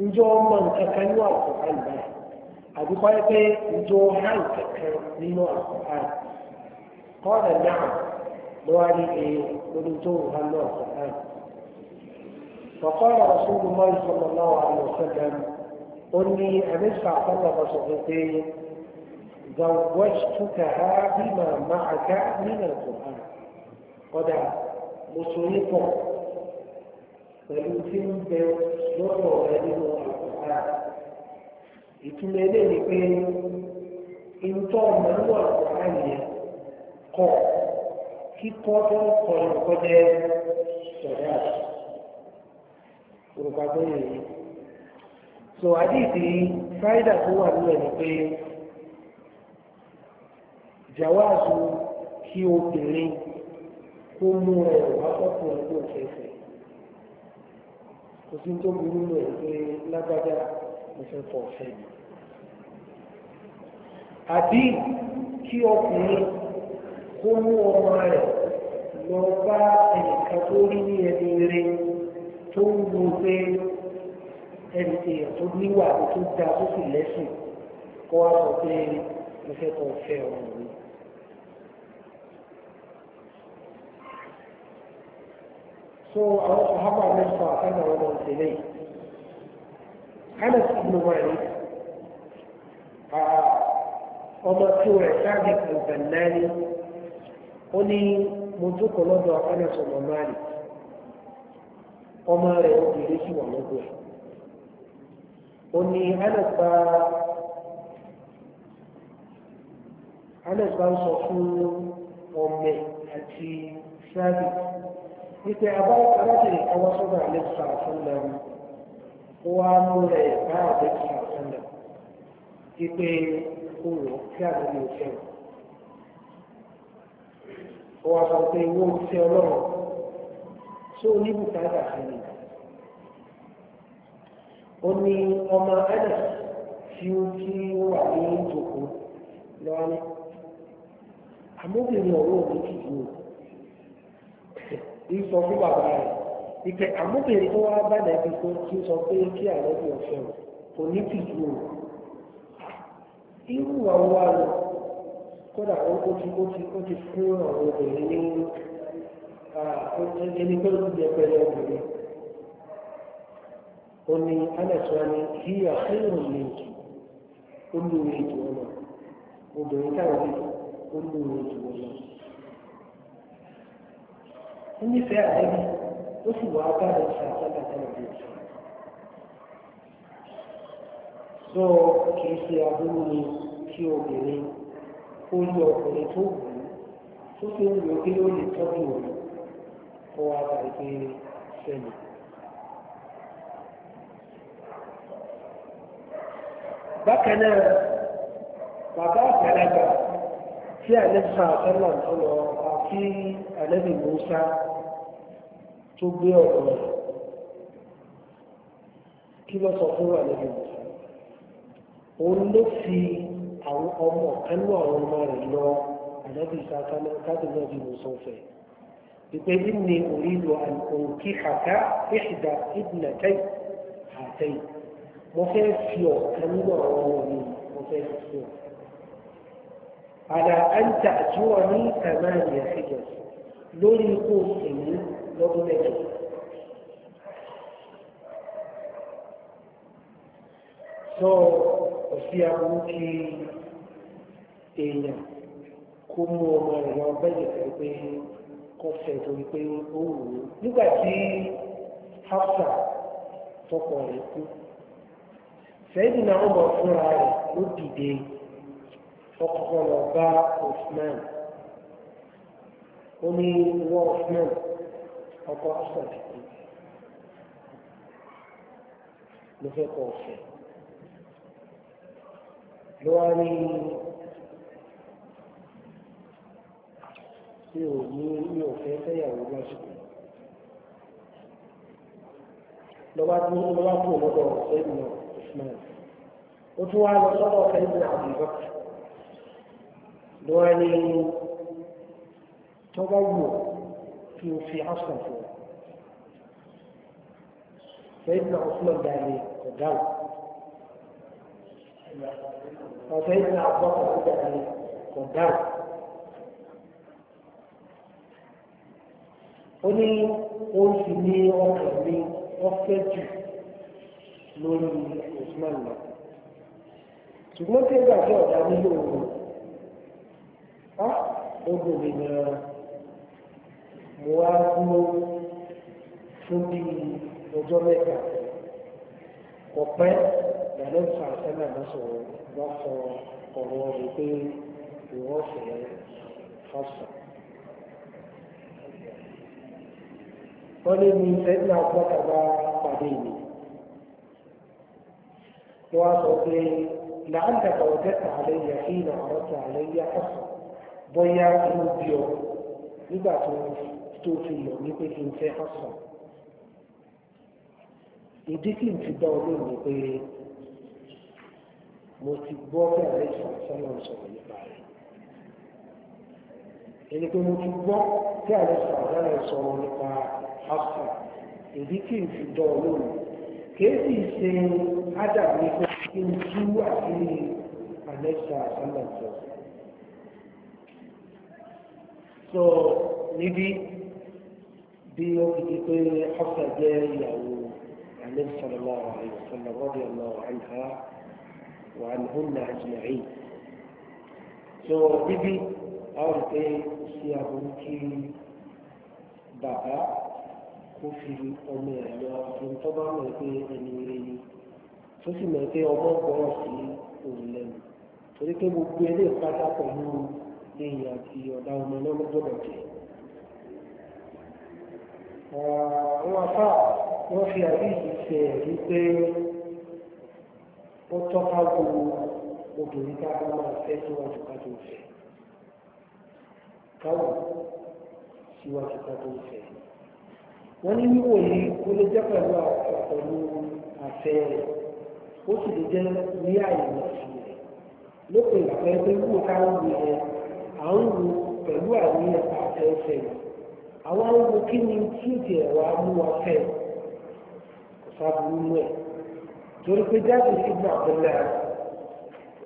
S1: إن جو من تكلوا القرآن بها àdúgbò yẹ pé ìjọ hàn kẹ̀kẹ́ nínú àkọ́kàn kọ́ọ̀dà náà ló فقال رسول الله صلى الله عليه وسلم أني أنسى صلى الله عليه زوجتكها بما معك من القرآن قد مصيبة فلو تنبه لقوا هذه القرآن ìtumọ̀ ilé ni pé ìtọ́ ọmọ níwọ̀ ọ̀gá yẹn kọ̀ kíkọ́ tó ń kọ ẹ̀kọ́ jẹ́ sọ̀rọ̀ àti òrùka tó yẹ yìí. sọ àdìsí fáìdà tó wà nílẹ̀ ni pé jàwáàzù kí obìnrin kó mú ẹ̀ wá ọkùnrin tó fẹ́fẹ́ kò sí tó burú lọ pé lágbájá mo fẹ́ kọ́ ọ̀fẹ́ mi. àbí kí ọkùnrin kó mú ọmọ rẹ̀ lọ bá ẹnìkan tó rí ní ẹni rẹ̀ tó ń wo pé ẹni èèyàn tó níwà tó da tó sì lẹ́sìn kó wá sọ pé mo fẹ́ kọ́ ọ̀fẹ́ ọmọ mi. so àwọn sọ̀hábà mẹ́fà fẹ́ràn ọmọ ìṣẹ̀lẹ̀ yìí. Anas ibn Malik ọmọ tí wọ́n ṣáàbì ìgbàláyé ó ní mo jókòó lọ́dọ̀ Anas ibn Malik ọmọ rẹ̀ obìnrin sì wà lọ́dọ̀ ẹ̀. ó ní Anas bá Anas bá ń sọ fún ọmọ àti ṣáàbì wípé abáyé aláṣẹ ìkáwọ́sọ́dọ̀ àlẹ́ sàrà fún lẹ́nu. ó wá mú rẹ̀ bá àbẹ́kì àtúndà wípé ó rò kí àbẹ́kì ò fẹ́ o sọ pé owó ìfẹ́ ọlọ́run tó oníbùkátà sí ni ó ní ọmọ tí ó tí wà ní ìjòkó lọ́wọ́ ní àmóbìnrin ọ̀rọ̀ ìsọ fún bàbá ìpè àmúbèrè tó wá bá nàbí tó tí sọ pé kí àlọ́bí ọ̀fẹ́ o kò ní tìjú o irú àwọn wa lọ kódà ó ti ó ti ó ti fún àwọn obìnrin ní ẹni tó ti jẹ pẹ̀lú obìnrin ó ní alẹ́sọ̀rọ̀ ni kí àfihàn méjì ó lù mí jù ọ́ lọ obìnrin táwọn ó lù mí jù ọ́ lọ. nífẹ̀ẹ́ àlẹ́bí ó sì wá gbàdọ̀ ṣe àtàkàtà ìdí ìṣe. so kìí ṣe aburú ni kí obìnrin ó lé ọkùnrin tó wù ú tó fi ń wò pé ó lè tọ́jú òun kó wá bá ìpè sẹ́yìn. bákan náà bàbá àgbàlagbà tí àlẹ́ sàn àtọ́nà tó lọ àti àlẹ́ bí Musa tó gbé ọ̀rọ̀ rẹ̀ kí ló sọ fún àlejò òun ló fi àwọn ọmọ kanú àwọn ọmọ rẹ̀ lọ ànábì ìsàkà náà káàdì náà bí mo sọ fẹ́ ìpè bí ni òrìlò àìkòrò kí àká ìṣìdá ìdìnà tẹ́yì àtẹ́yì mo fẹ́ fi ọ̀kan nínú àwọn ọmọ mi mo fẹ́ fi ọ̀ àdà àǹtà àjúwọ̀ ní kàmáà ní àfihàn lórí ikú èmi lọ́dún mẹ́jọ. sọ òsì àwọn kí èèyàn kó mú ọmọ rẹ̀ lọ bẹ́ẹ̀ fẹ́ pé kó fẹ́ torí pé ó wù ú nígbà tí hafsa tọkọ rẹ̀ kú sẹ́yìn náà ọmọ fúnra rẹ̀ ló dìde ọkọ̀ lọ bá Usman ó ní wọ́n Usman ọkọ asọ ìdìbò ló fẹ́ kọ ọ̀fẹ́ ló wá ní tí ò ní ní ọ̀fẹ́ fẹ́yàwó lásìkò lọ́wọ́ tí lọ́wọ́ kò lọ́dọ̀ ọ̀fẹ́ ìnà Usman ó tún wá lọ sọ́dọ̀ ọ̀fẹ́ ìnà àbúrò ló wá ní tọ́wọ́ wù ọ́ kí o fi ọ̀sán fún ọ. Sẹ́yìn náà Osman Dàlẹ́ kò dáhùn. Sẹ́yìn náà Abọ́kọ̀ Dàlẹ́ kò dáhùn. Ó ní òun sì ní ọkàn mi ọ̀fẹ́ jù lórí Osman náà. Ṣùgbọ́n tí ó gbàgbé ọ̀dà nílò òun, ah, ó gbòmìnira mo wá dúró fún bí ọjọ́ mẹ́ta ọ̀pẹ́ ìyàlẹ́ ìfà sẹ́nà ló sọ̀rọ̀ wá sọ ọ̀rọ̀ rẹ̀ pé ìwọ́n fẹ́ fásọ̀. wọ́n lé ní sẹ́dínà gbọ́dọ̀ bá pàdé mi. wọ́n á sọ pé لعلك وجدت علي حين عرضت علي حصر ضيعت مدير يبعث tó fi lọ ní pé kí n fẹ́ ọ̀sán ìdí kí n ti dá olóògùn ni pé mo ti gbọ́ pé àlẹ́ ìsàn sọ́nà sọ̀rọ̀ nípa rẹ̀ èyí pé mo ti gbọ́ pé àlẹ́ ìsàn sọ́nà sọ̀rọ̀ nípa ọ̀sán ìdí kí n ti dá olóògùn kìí sì ṣe ádàbí pé kí n tú àti àlẹ́ ìsàn sọ́nà sọ̀rọ̀ so níbi bí ó ti di pé Hafsa jẹ́ ìyàwó Ànábì sallallahu alaihi wasallam radiyallahu anha wa anhunna ajma'in. so bíbí àwọn ìpè sí aburú kí bàbá kó fi ọmọ ẹ̀ lọ ẹni tó bá mọ̀ pé ẹni rẹ̀ ni tó sì mọ̀ pé ọmọ gbọ́rọ̀ sí òun lẹ́nu torí pé gbogbo ẹlẹ́ẹ̀pátá pẹ̀lú èèyàn àti ọ̀dà ọmọ náà lọ́gbọ̀dọ̀ jẹ́ àwọn afá wọ́n fi àdíjì ṣe ẹ̀rí pé ó tọ́ka wo obìnrin tá a bá máa fẹ́ síwájú ká tó fẹ́ káwọ̀ síwájú ká tó fẹ́ wọ́n ní wíwò yìí ó lè jẹ́ pẹ̀lú pẹ̀lú àfẹ́ rẹ̀ ó sì lè jẹ́ ní àyẹ̀wò sí rẹ̀ lópin ìgbà pé wíwò káwọn wù yẹn à ń wù pẹ̀lú àníyàn àfẹ́ fẹ́ rẹ̀ àwọn awo kí ni tíìtì ẹ̀ wá mú wa fẹ́ kò sábúrú mú ẹ̀ torí pé jáde sígbà àbúlá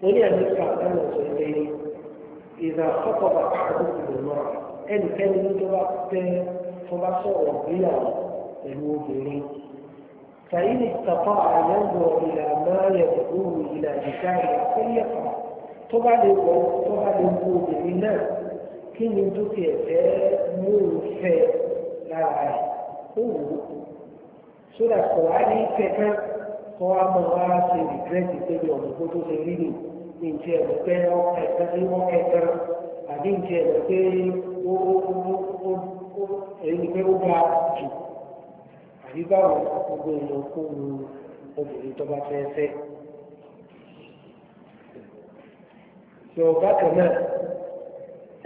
S1: orí ẹ̀mí pàtàkì ọ̀sẹ̀ pé ìdá àkọ́kọ́ bá àkókò lè mọ́ ẹnikẹ́ni ní tó bá tẹ́ tó bá sọ̀rọ̀ ìgbéyàwó pẹ̀lú obìnrin. فإن استطاع ينظر إلى ما يدعو إلى نكاح فليفعل طبعا طبعا الوجود بالناس kí ni dúkìá ẹ̀fẹ́ mú un fẹ́ lára rẹ̀ ó wù ú sódà kọ̀ wá ní kẹta kọ́ wá mọ̀ wá ṣe rìgírẹ́tì pé bí ọ̀nà kó tó ṣe rí nù ní ìjẹ́ ẹ̀rọ pé ọkọ̀ ẹ̀ka ní wọ́n àbí ìjẹ́ ẹ̀rọ pé ó
S2: èyí ni pé ó ga
S1: jù àbí báwo gbogbo èèyàn kó wu obìnrin tó bá fẹ́ fẹ́. Yorùbá kan náà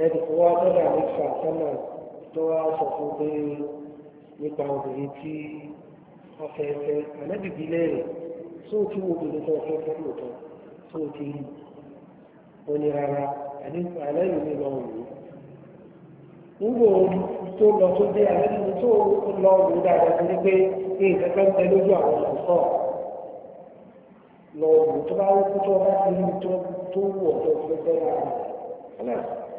S1: ẹni tó wá lọ́dà nípa sọ́nà tó wá sọ fún pé nípa obìnrin tí wọ́n fẹ́ fẹ́ ànábìbí lẹ́rìn tó tí wo obìnrin tó fẹ́ fẹ́ lòótọ́ tó ti rí ó ní rárá àlẹ́yìn mi lọ wò ó nígbò tó lọ tó dé àlẹ́yìn mi tó lọ wò ó dáadáa tó ní pé nǹkan kan tẹ lójú àwọn ọ̀sán lọ wò tó bá wọ́pọ̀ tó bá ti rí tó wù ọ̀dọ́ tó fẹ́ fẹ́ láàárín.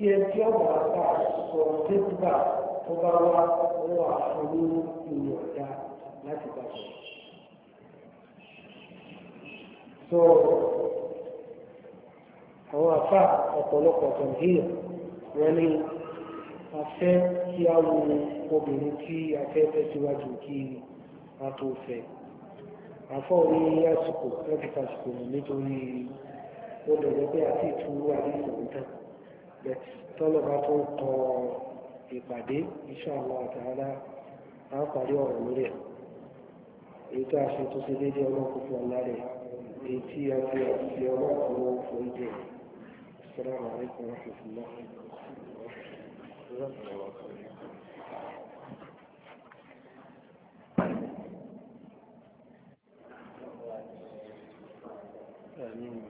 S1: tí ẹ tí ọ̀gá àgbà sọ̀rọ̀ tẹ́tùbà tó bá wá wọ́n àfọwọ́ ìwé ọ̀dà láti bá sọ̀rọ̀. sọ àwọn àfà ọ̀pọ̀lọpọ̀ tọ̀hìyà wọn ni a fẹ́ kí a wo obìnrin tí a fẹ́ fẹ́ síwájú kí a tó fẹ́ àfọ́ orí àsìkò láti fàsìkò nítorí ó dọ̀dọ̀ pé àti ìtúwà ní tán tọ́lọ̀ bá tó kọ ìpàdé insha Allah ta'ala á parí ọ̀rọ̀ lórí ẹ̀ èyí tó a ṣe tó ṣe déédéé ọlọ́kùn fún ọ̀la rẹ̀ èyí tí a fi àti ọlọ́kùn wọn fún ìdè Assalamu alaikum wa rahmatullahi wa barakatuh. Amin.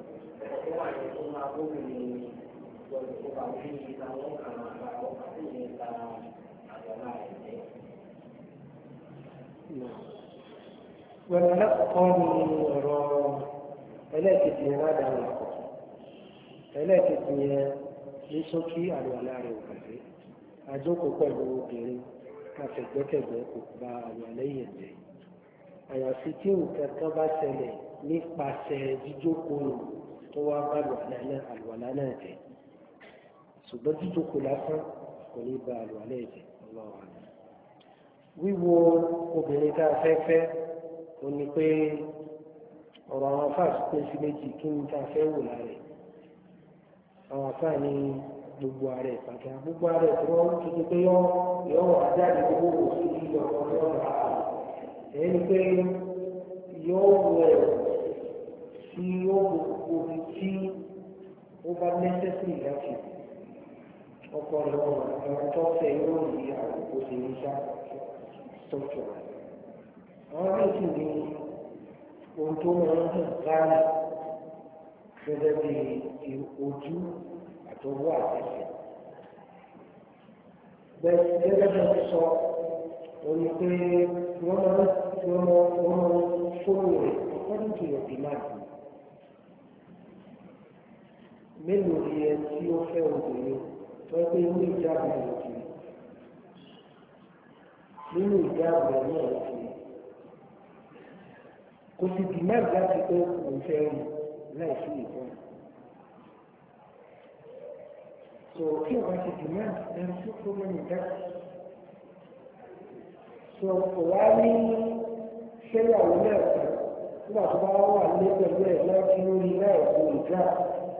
S1: ẹ̀kọ́ tó wà ní tó máa bóbi ní ìjọba tó bá wí ní àwọn kan àgbà ọkà tó yẹ ta àgbàlá ẹ̀jẹ̀. Wẹ̀rẹ̀ alákọ̀ọ́kọ́ ni ọ̀rọ̀ ẹlẹ́ẹ̀kejì yẹn láti àwọn àkọ́kọ́. Ẹlẹ́ẹ̀kejì yẹn ní sókí àlùwàlá rẹ̀ ò bàjẹ́. Àjókòó pẹ̀lú obìnrin kàfẹ̀gbẹ́kẹ̀gbẹ́ kò bá àlùwàlá yẹn jẹ́ àyàfi tí nǹkan bá ṣẹlẹ̀ nípasẹ̀ jíjókòó tó wá bá àlùwàlá náà àlùwàlá náà jẹ́ ṣùgbọ́n títò kò lásán kò ní ba àlùwàlá ẹ̀jẹ̀ ọlọ́wà ni. wíwo obìnrin tá a fẹ́ fẹ́ ó ní pé ọ̀rọ̀ àwọn afáàsì pé sí méjì kí ni tá fẹ́ wò lára àwọn afáà ní gbogbo ara ẹ̀ gbogbo ara ẹ̀ tó wọ́n tuntun pé yọ yọ wà jáde gbogbo kò sí ìyọ̀ ọ̀rọ̀ ọ̀rọ̀ àpò èyí pé yọ wọ tí ó gbogbo omi tí ó bá lẹ́sẹ̀ sí ìyáṣẹ́ ọkọ lọ ọ̀rọ̀ tó fẹ́ yóò rí àkókò sí ní sáà tọ́jọ́ àwọn méjì ní ohun tó máa ń hàn lára gẹ́gẹ́ bí ojú àtọwọ́ àtẹ̀sẹ̀ bẹ́ẹ̀ gẹ́gẹ́ bí wọ́n sọ wọ́n ní pé wọ́n máa ń mélòó ni tí ó fẹ́ obìnrin tó pé ní ìjáàbù rẹ̀ nínú ìjáàbù rẹ̀ náà kò sì dì náà láti pé òun fẹ́ rí láì sí ìfọ́n. So kí ọba ti dì náà ẹni tó kó mọ́ nígbà. So kò wá ní ṣẹ́yàwó náà kan nígbà tó bá wà ní pẹ̀lú ẹ̀ láti lórí láì fún ìjáàbù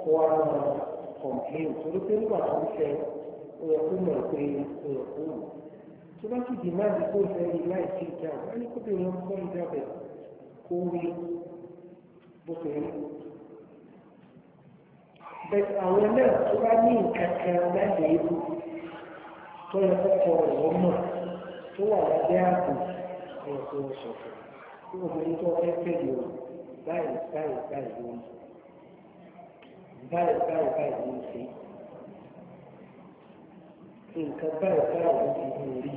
S1: kó wá máa nígbà tó ń fẹ́ ó mọ̀ pé ó mọ̀. tó bá sì dìmáàdì kó fẹ́ ní láì sí ìjà wọn ní kóbi wọn kọ́ ìjà bẹ̀ kó rí bó ṣe rí. bẹ́ẹ̀ àwọn náà tó bá ní nǹkan láti ewu tó yẹ kó kọ ọ̀rọ̀ mọ̀ tó wà lábẹ́ ààbò ẹ̀kọ́ ṣọ̀fọ̀ tí obìnrin tó fẹ́ fẹ́ lò báyìí báyìí báyìí lónìí báyìí báyìí báyìí ló ń ṣe nǹkan báyìí báyìí ló ti mú rí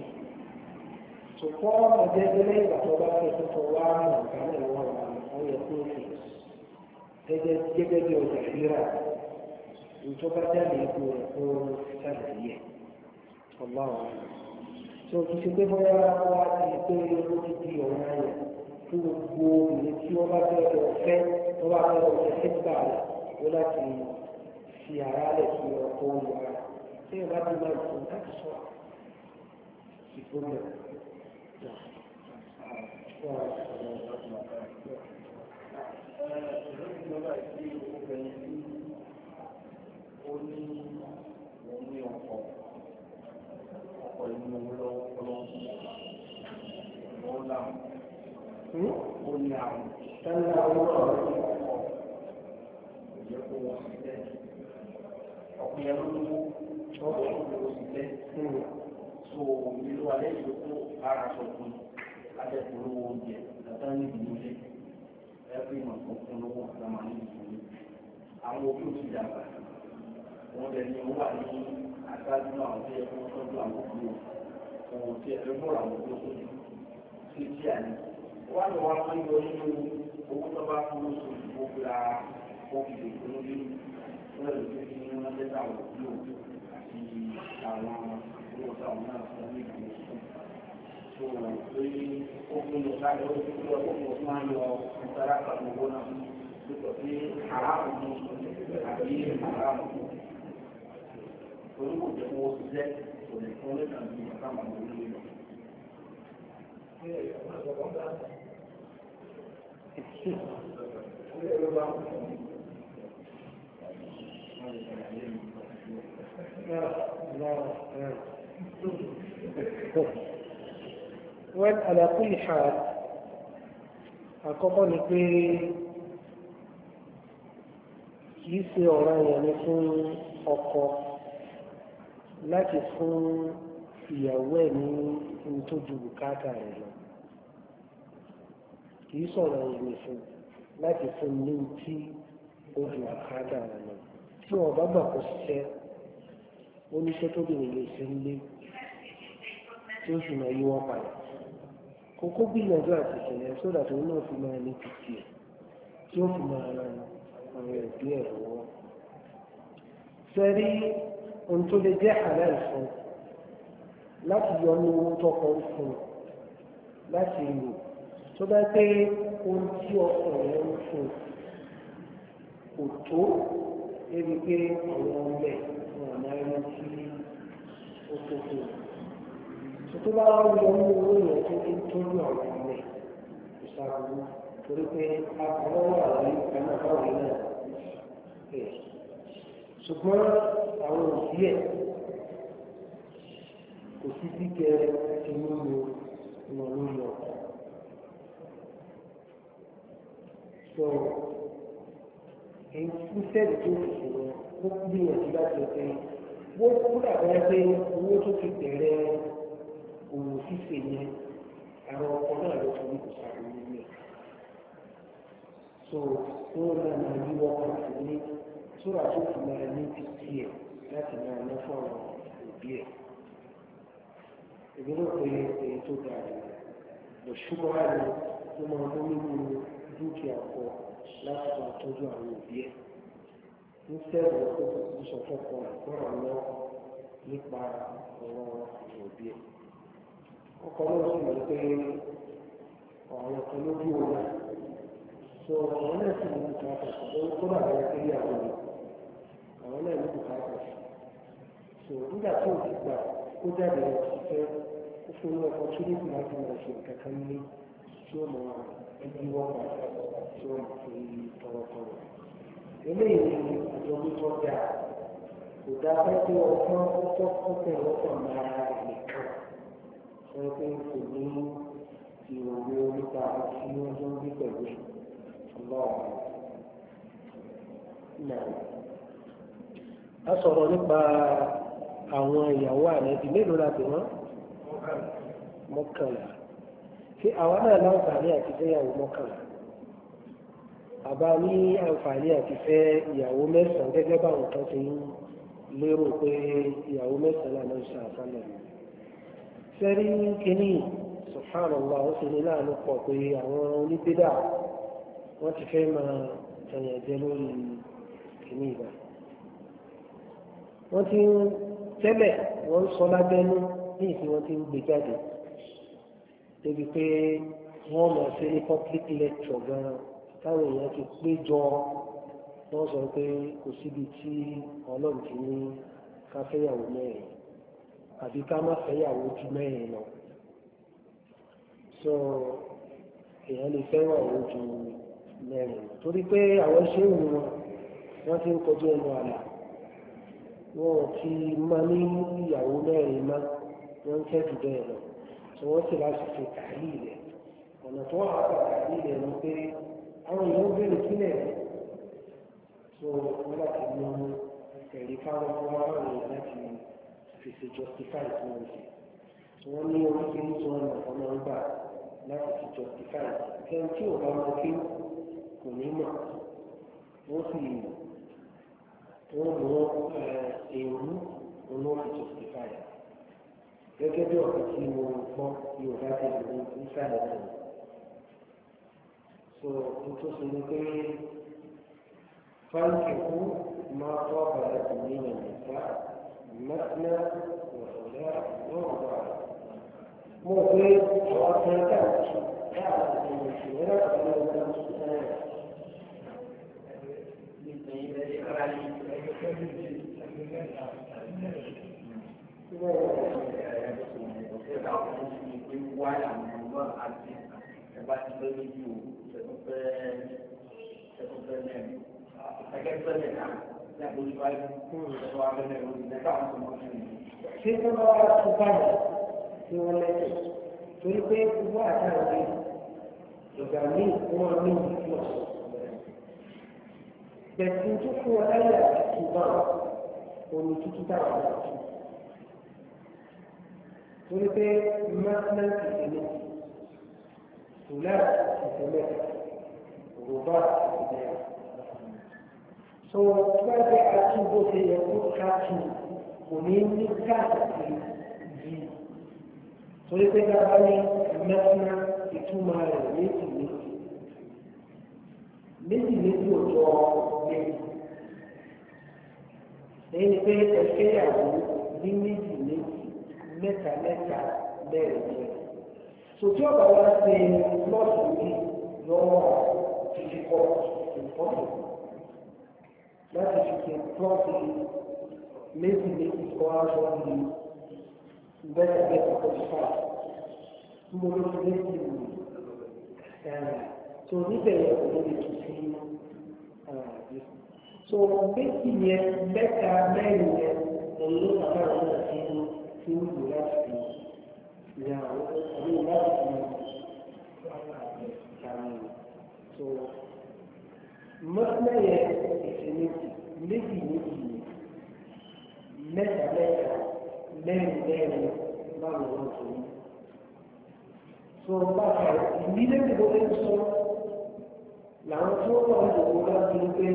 S1: ṣùgbọ́n ọmọdé lẹ́yìn ìgbà tó bá fẹ́ tuntun wá mọ̀ nǹkan náà lọ́wọ́ àwọn yẹ kó fi gẹ́gẹ́ gẹ́gẹ́ bí ọjà rírà ìjọba jáde ipò rẹ̀ kó ṣàlàyé ọlọ́run tó kì í ṣe pé bóyá wá ti pé ó ti di ọ̀ràn rẹ̀ fún gbogbo obìnrin tí fẹ́ ọ̀fẹ́ wọ́n fẹ́ ọ̀fẹ́ sígbà rẹ̀ ó láti fi ara rẹ̀ fi ọkọ̀ ohun ara tí ìwà bí máa fún láti sọ ìfúnlẹ̀. Hmm? Oni òun ní ọkọ̀ ọkọ̀ inú lọ́wọ́lọ́wọ́. Ó ní àwọn. Ó ní àwọn ọ̀pìn ẹ̀rọ ló mú ọ̀pọ̀ ìlú sílẹ̀ so ìlú alẹ́ ìlú ara sọ̀tún adẹ́kùnrin owó oúnjẹ tàbí níbi ilé ẹgbẹ́ ìmọ̀ ọ̀pọ̀ lówó àtàmà níbi ìlú àwọn òbí òsì dàgbà wọn lè ní wà ní àgbájú àwọn tí ẹkọ tọ́jú àwọn òbí òun tí ẹgbẹ́ bọ́ọ̀lù àwọn òbí òsì sí tí a ní wọ́n á lọ wá fún yọ nínú owó tó bá fún oṣù ìfowópamọ́ kọ́ọ̀kì lè tó lórí lọ́rọ̀ tó fi ní wọ́n lẹ́tà àwọn òbí òbí àti àwọn olóòtú àwọn náà fún ní ìlú ìsìn. tó o pé ó fún lọ Thank you wọ́n àlàkù ìhà àkọ́kọ́ ni pé kìí ṣe ọ̀rọ̀ yẹn ni fún ọkọ láti fún ìyàwó ẹ̀ ní ohun tó ju bùkátà rẹ̀ lọ kìí sọ̀rọ̀ yẹn ni fún láti fún ní tí ó ju àkádà rẹ̀ lọ tí wọ́n bá gbà kó ṣiṣẹ́ ó ní iṣẹ́ tóbìnrin lè ṣe ń lé tí ó sì máa yí wọ́n padà kókó gbìyànjú àti ìṣẹ̀lẹ̀ sódà tó náà fi máa ní títì ẹ̀ tí ó fi máa ra àwọn ẹ̀bí ẹ̀ lọ́wọ́ sẹ́rí ohun tó lè jẹ́ àlá ìfún láti yọ ní owó tọkọ fún láti lò tó bá pé ohun tí ọkọ rẹ̀ ń fún kò tó débi pé àwọn ọmọ ẹ̀ wọn ò náà rí sí òkòkò. Tó bá wá yọ ní owó yẹn tó ń tọ́jú àwọn ọmọ ẹ̀ kò sábúrú torí pé akọ̀lọ́wọ́ àwọn ìgbà náà báwọn náà ẹ̀. Ṣùgbọ́n àwọn òbí ẹ̀ kò sí kíkẹ́ inú mi ìwọ̀n lórí ọkọ̀ iṣẹ́ tó ó gbìyànjú láti ṣe wọ́n kú dàbẹ́ pé owó tó ti bẹ̀rẹ̀ òwò ṣíṣe yẹn àwọn ọkọ̀ náà ló fi ní kò sáré nílé so tó náà máa ní wọ́pọ̀ àti ní sóra tó fi máa ní ti tiẹ̀ láti máa ná fún àwọn òbí ẹ̀ ìgbéró pé èyí tó dáa lọ ṣùgbọ́n àná ló máa mú nínú dúkìá pọ̀ láti tọ́jú àwọn òbí ẹ̀ ń fẹ́ràn ọkọ̀ tó sọ fọ́kọ ìgbọ́ràn lọ nípa ọ̀rọ̀ àwọn òbí ẹ̀ ọkọ náà sì mọ̀ pé ọ̀rọ̀ kan ló òun náà so náà sì ní bùkátà lórí kó bá àwọn ẹgbẹ́ yà wọ́n àwọn náà ní bùkátà so nígbà tí òun ti gbà ó jáde lọ sí fẹ́ ó fún ọkọ̀ tó ní bùkátà láti máa ṣe nǹkan kan ní tí ó mọ̀ wọn ẹni wọ́n gbà tí wọ́n fi tọrọtọrọ. eléyìí ni àjọ tó dà kò dá pẹ́pẹ́ ọgbọ́n ọgbọ́n ọgbẹ́ ọgbọ́n náà nìkan wọ́n pé kò ní ìròyìn onípa tí wọ́n tó ń gbé pẹ̀lú ọlọ́run. a sọ̀rọ̀ nípa àwọn ìyàwó àrẹ́bí mélòó la wọ́n mọ́kànlá. tí àwa na láǹfààní àti fẹ́ ìyàwó mọ́kànlá àbá ní àǹfààní àti fẹ́ ìyàwó mẹ́sàn-án gẹ́gẹ́ ti ń lérò pé ìyàwó mẹ́sàn-án náà ṣe àfálẹ̀ sẹ́rí kínní subhanallah ó sì na wọ́n ti ń tẹ́lẹ̀ wọ́n ń sọ ní débi pé wọ́n lọ sí public lecture gan táwọn èèyàn ti pé jọ wọ́n sọ pé kò síbi tí ọlọ́run ti ní ká fẹ́yàwó mẹ́rin àbí ká má fẹ́yàwó ju mẹ́rin lọ. so èèyàn lè fẹ́yàwó ju mẹ́rin lọ torí pé àwọn iṣẹ́ ìwé wọn wọ́n ti ń kọjú ẹnu àlà wọn ti máa ní ìyàwó mẹ́rin má wọ́n ń kẹ́jù bẹ́ẹ̀ lọ tí láti ṣe tààlì rẹ̀ ọ̀nà tó wà láti tààlì rẹ̀ ni pé àwọn èèyàn bẹ̀rẹ̀ sílẹ̀ tó wọ́n láti mú ẹ̀rí fáwọn fún àwọn èèyàn láti fèsì justify tí wọ́n ṣe tí wọ́n ní oríṣiríṣi ọ̀nà kan máa ń gbà láti fi justify ẹni tí ò mọ kí kò ní mọ̀ wọ́n sì wọ́n mọ èrú olóòfin justify. gẹ́gẹ́ bí ọ̀rọ̀ tí mo gbọ́ yorùbá ti lò ní ìsàlẹ̀ rẹ̀. so n tó sọ ni pé fáńkì kú máa tọ́ bàrẹ̀ kù ní nàìjíríà mẹ́tìlá ìwọ̀sọ̀lá yóò wà. mo gbé àwọn akẹ́kọ̀ọ́ àti láàrín àwọn ìṣẹ̀lẹ̀ láti lọ sí ìṣẹ̀lẹ̀ rẹ̀. Thank you. wá àwọn ọmọ àti ẹgbà tí ló ní ju ìṣẹ̀túnfẹ́ ìṣẹ̀túnfẹ́ mẹ́rin ẹgbẹ́fẹ́ mẹ́ta ní àbójú wáyé fún ìṣẹ̀tún wa mẹ́rin lórí mẹ́ta àwọn ọmọ mẹ́rin. ṣé kí wọ́n wá tó báyìí tí wọ́n lẹ́sẹ̀ torí pé gbogbo àtàwọn ìgbà míì wọ́n ní ìfọ̀ bẹ̀sùn tó fún ọ láyé àti ìgbà òní tuntun táwọn àti torí pé mẹ́tẹ́lẹ́ ìṣẹ̀lẹ̀ ìṣẹ̀lẹ̀ ìṣẹ̀lẹ̀ òrùbá ìṣẹ̀lẹ̀ so bá jẹ́ àtúbò ṣe yẹ kó káàkiri kò ní ní káàkiri yìí torí pé dábàá ní mẹ́tẹ́lẹ́ ìtumọ̀ rẹ̀ méjì méjì méjì méjì òjò méjì èyí pé ẹ̀ṣẹ́ ìyàwó ní méjì mẹ́ta mẹ́ta bẹ́ẹ̀ ni sòtí ọ̀gá wa ṣe lọ́ọ̀sì mi lọ́wọ́ títí kọ́ ìpọ́tò láti fi ṣe pọ́ọ̀tì méjì méjì kọ́ aṣọ mi bẹ́ẹ̀ bẹ́ẹ̀ kọ́ fà mo ló fi méjì mi tó níbẹ̀ yẹ kò lè tù sí so méjì yẹn mẹ́ta mẹ́rin yẹn òun ló sàmà òun náà tí ó lò láti ìyá ọdún láti fi kàmì tó mọ́tìlẹ́yẹ ìṣẹ̀lẹ̀ méjì méjì mẹ́ta mẹ́ta lẹ́yìn lẹ́yìn báwo ló ń sọ yìí. tó bá a ìdílé tí mo ń làwọn tí ó lọ ń lò wọ́n pé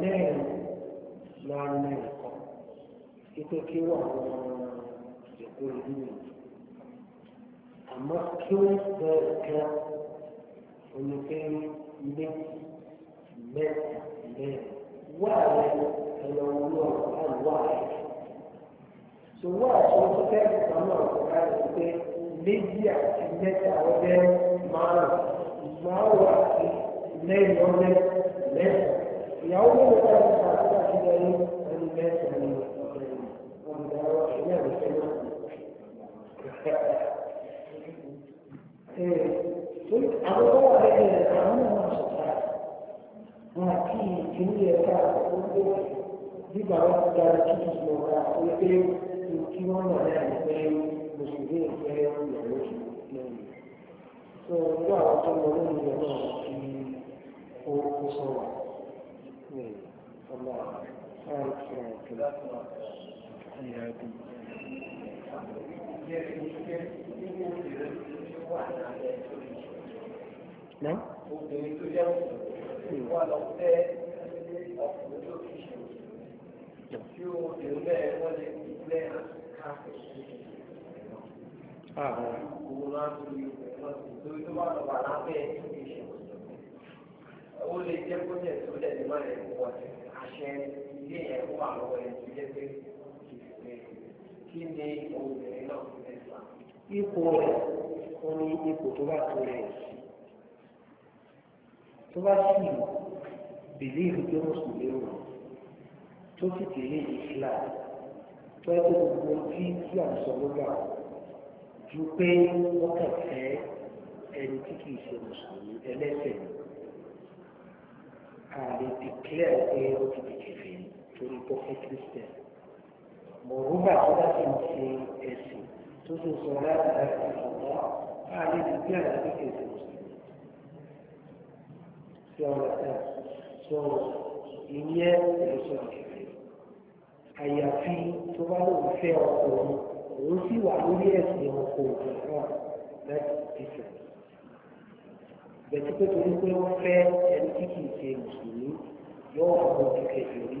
S1: mẹ́rin. pé you àwọn ìjọba ìlú mi àmọ́ kí wọ́n bẹ̀rẹ̀ kan omi ile ilé mẹ́ta mẹ́rin wà rẹ̀ ẹ̀rọ olú ọ̀hún wà rẹ̀ ṣùgbọ́n àṣọ fẹ́ ìpamọ́ ọ̀hún ká meji pé méjì àti mẹ́ta ọ̀dẹ́ márùn-ún àti mẹ́rin ọ̀dẹ́ mẹ́ta ìyàwó mẹ́ta ìpàdé àti ẹni mẹ́ta ni wọ́n. àwọn tó wà lẹ́yìn rẹ̀ àwọn náà ń sọ̀tà wọn àti ìdílé ẹ̀ka àkókò nígbà wọn ti dára kí wọ́n sọ ọ̀gá wípé kí wọ́n wà ní àyẹ̀fẹ́ 能？啊。kí ni obìnrin náà ipò rẹ̀ ó ní ipò tó bá tó rẹ̀ sí tó bá sì bìlíìfù pé mùsùlùmí rò tó sì tẹ̀lé islam tó yẹ kó gbogbo tí tí à ń sọ ló gbà ju pé wọ́n kàn fẹ́ ẹni tí kìí ṣe mùsùlùmí ẹlẹ́sẹ̀ ni a lè dìklẹ́ pé ó ti di kẹfẹ́ torí pọ́fẹ́ kírísítẹ́nì mọ̀rúbà tó bá ti ń ṣe ẹ̀sìn tó sì sọ láti láti ṣùgbọ́n káàlì ní bí àwọn akéèké ṣe mùsùlùmí. sí ọ̀rọ̀ ẹ̀ sọ ìyẹn ẹ̀sọ́ ìkẹ̀kẹ̀. àyàfi tó bá lóun fẹ́ ọkọ òun òun sì wà lórí ẹ̀sìn ọkọ òun náà láti ṣiṣẹ́. bẹ̀tí pé torí pé wọ́n fẹ́ ẹni tí kì ṣe mùsùlùmí yóò fọwọ́ kékeré rí.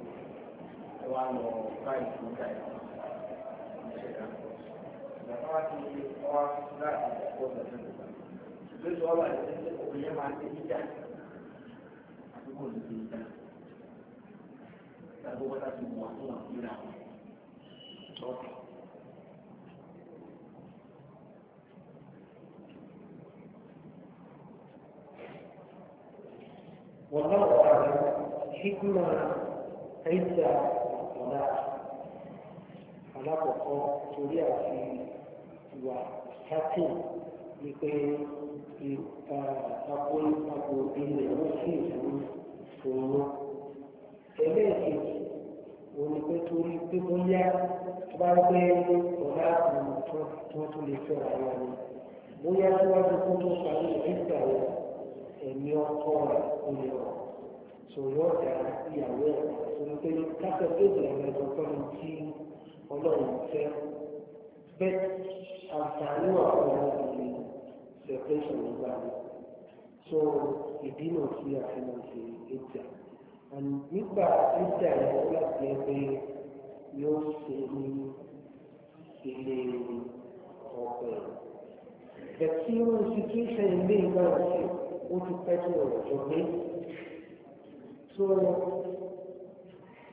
S1: wà lọ báyìí tó ga ẹ̀ ìṣẹ̀dá. Ìgbàgbọ́ wa ti ṣe ọwọ́ láti ọ̀pọ̀ ọ̀dọ̀ tó lóṣù ọ̀wà ìṣẹ̀lẹ̀ òkèèyàn máa ṣe ìjà
S2: àdúgbò ní ti ìjà.
S1: Ìgbàgbọ́ wa ti wà fún wọn síra wọn. والله أعلم حكمة عزة ọ̀dà alákọ̀ọ́kọ́ torí àti ìwà sátì ni pé àpò àpò ilẹ̀ wọ́n sì fún òun. ẹlẹ́ẹ̀kejì òun ni pé torí pé bóyá tó bá gbé ọ̀dà àpò tó tún lè fẹ́ ara wọn bóyá tó wá kó tó parí ìgbà ẹ̀mí ọkọ rẹ̀ ó lè sọ̀rọ̀ ọ̀dà ìyàwó ẹ̀ sọ̀rọ̀ pé káfẹ́ tó bẹ̀rẹ̀ ẹ̀dọ̀ tọ́nu tí ọlọ́run fẹ́ bẹ́ẹ̀ àǹfààní àwọn ọmọbìnrin separation nígbà mi so ìdí náà sí àfihàn ṣe ìjà nígbà ìjà yẹn láti ẹgbẹ́ yóò ṣe ní ilé ọ̀pẹ bẹ̀tí ó ń situation ilé ìgbà ọ̀sẹ̀ ó ti pẹ́ tó ọ̀rọ̀ jọ pé so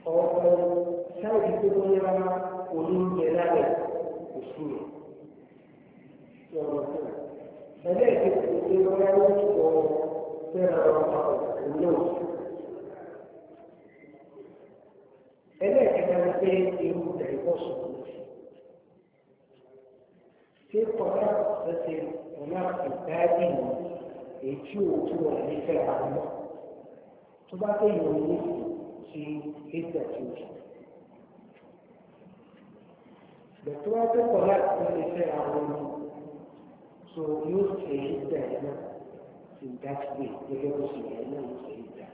S1: ọ̀pọ̀ sáyẹ̀dì tó tó yára olóúnjẹ lábẹ́ òsì rẹ̀ tí ọ̀rọ̀ tó ẹlẹ́ẹ̀kejì tó tó yára ló ń sọ fẹ́ràn ọ̀rọ̀ papọ̀ olóò ẹlẹ́ẹ̀kẹta ni pé irú ẹ̀kọ́ sọ̀rọ̀ ṣé kọ́lá ẹsẹ̀ ọ̀nà ìdájí èyí tí òótọ́ àníkẹ́ àwọn náà tó bá pé ìwọ̀n ní ti ètò àti òjò. Bẹ̀tọ́ wá pé kọ̀ láti fẹ́ lè fẹ́ àwọn ọmọ so yóò ṣe ètò ẹ̀ náà in that way gẹ́gẹ́ bó ṣe yẹ náà yóò ṣe ètò ẹ̀.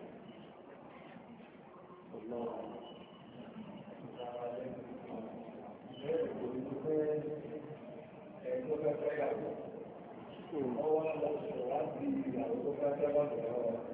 S1: Ọwọ́ ń lọ sọ̀rọ̀ láti ìyàwó tó fẹ́ fẹ́ wà lọ́wọ́.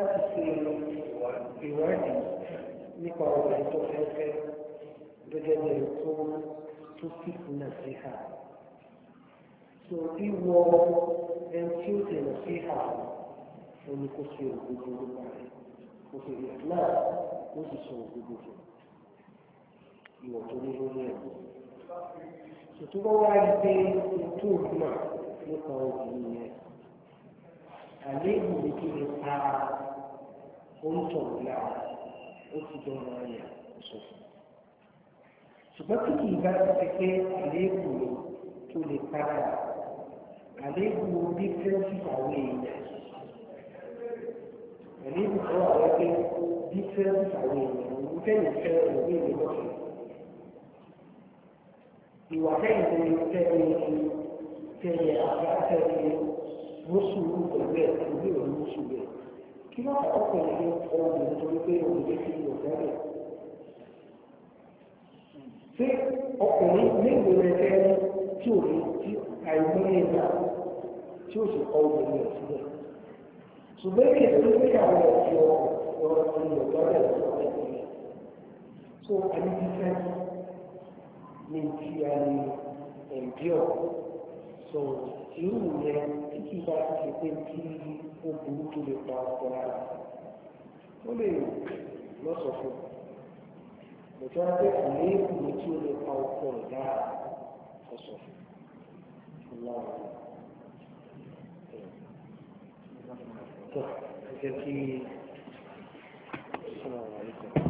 S1: láti ṣe ìwádìí nípa ọ̀rọ̀ tó fẹ́fẹ́ gẹ́gẹ́ bí ẹni tó tó fìkú náà sí ha. So ìwọ ẹni tí ó dènà sí ha ó ní kó ṣe òdodo nípa rẹ̀. Kò sì rí náà ó sì sọ òdodo fún ìwọ tó ní lórí ẹ̀. Sòtúbọ̀ wá rí pé ètò ìgbà nípa obìnrin yẹn àléébù ní kí ni pa oúnjẹ òwúlà ó ti dán wọn yà sọ fún un. ṣùgbọ́n tí kì í bá ti ṣe pé àléébù tó lè para àléébù ní fẹ́ǹsì àwọn èèyàn àléébù tó wà lọ́pẹ́ ní fẹ́ǹsì àwọn èèyàn òun fẹ́ẹ̀ fẹ́ òun ìlú lọ́fẹ̀ẹ́. ìwà fẹ́ẹ̀ ní fẹ́ẹ̀ ní fẹ́ẹ̀ àbá fẹ́ẹ̀ ní mùsùlùmí pẹ̀lú ìlú ìwé mùsùlùmí kí wọ́n ọkọ̀ ẹ̀yẹ ọ̀hún nítorí pé òǹdé ti lò tẹ́lẹ̀. ṣé ọkùnrin mélòó rẹ fẹ́ tí ò ní tí àìmọye náà tí ó sì kọ obìnrin rẹ̀ sílẹ̀. ṣùgbọ́n èyí tó ń gbéyàwó ẹ̀ ọ̀rọ̀ ti lò tẹ́lẹ̀ lọ́wọ́ ẹ̀ so àyíkíkẹ́ ní ti àyè ẹ̀ńdíọ̀ so irú yẹn tí ìgbà tó ṣe pé kí ó burú tó lè pa ọkọ lára ó lè lọ́sọ̀fọ̀ lọ́jọ́ pé àléébù tí ó lè pa ọkọ rẹ̀ lára ọ̀sọ̀fọ̀ ọlọ́run. Tọ́ ẹ jẹ́ kí. السلام عليكم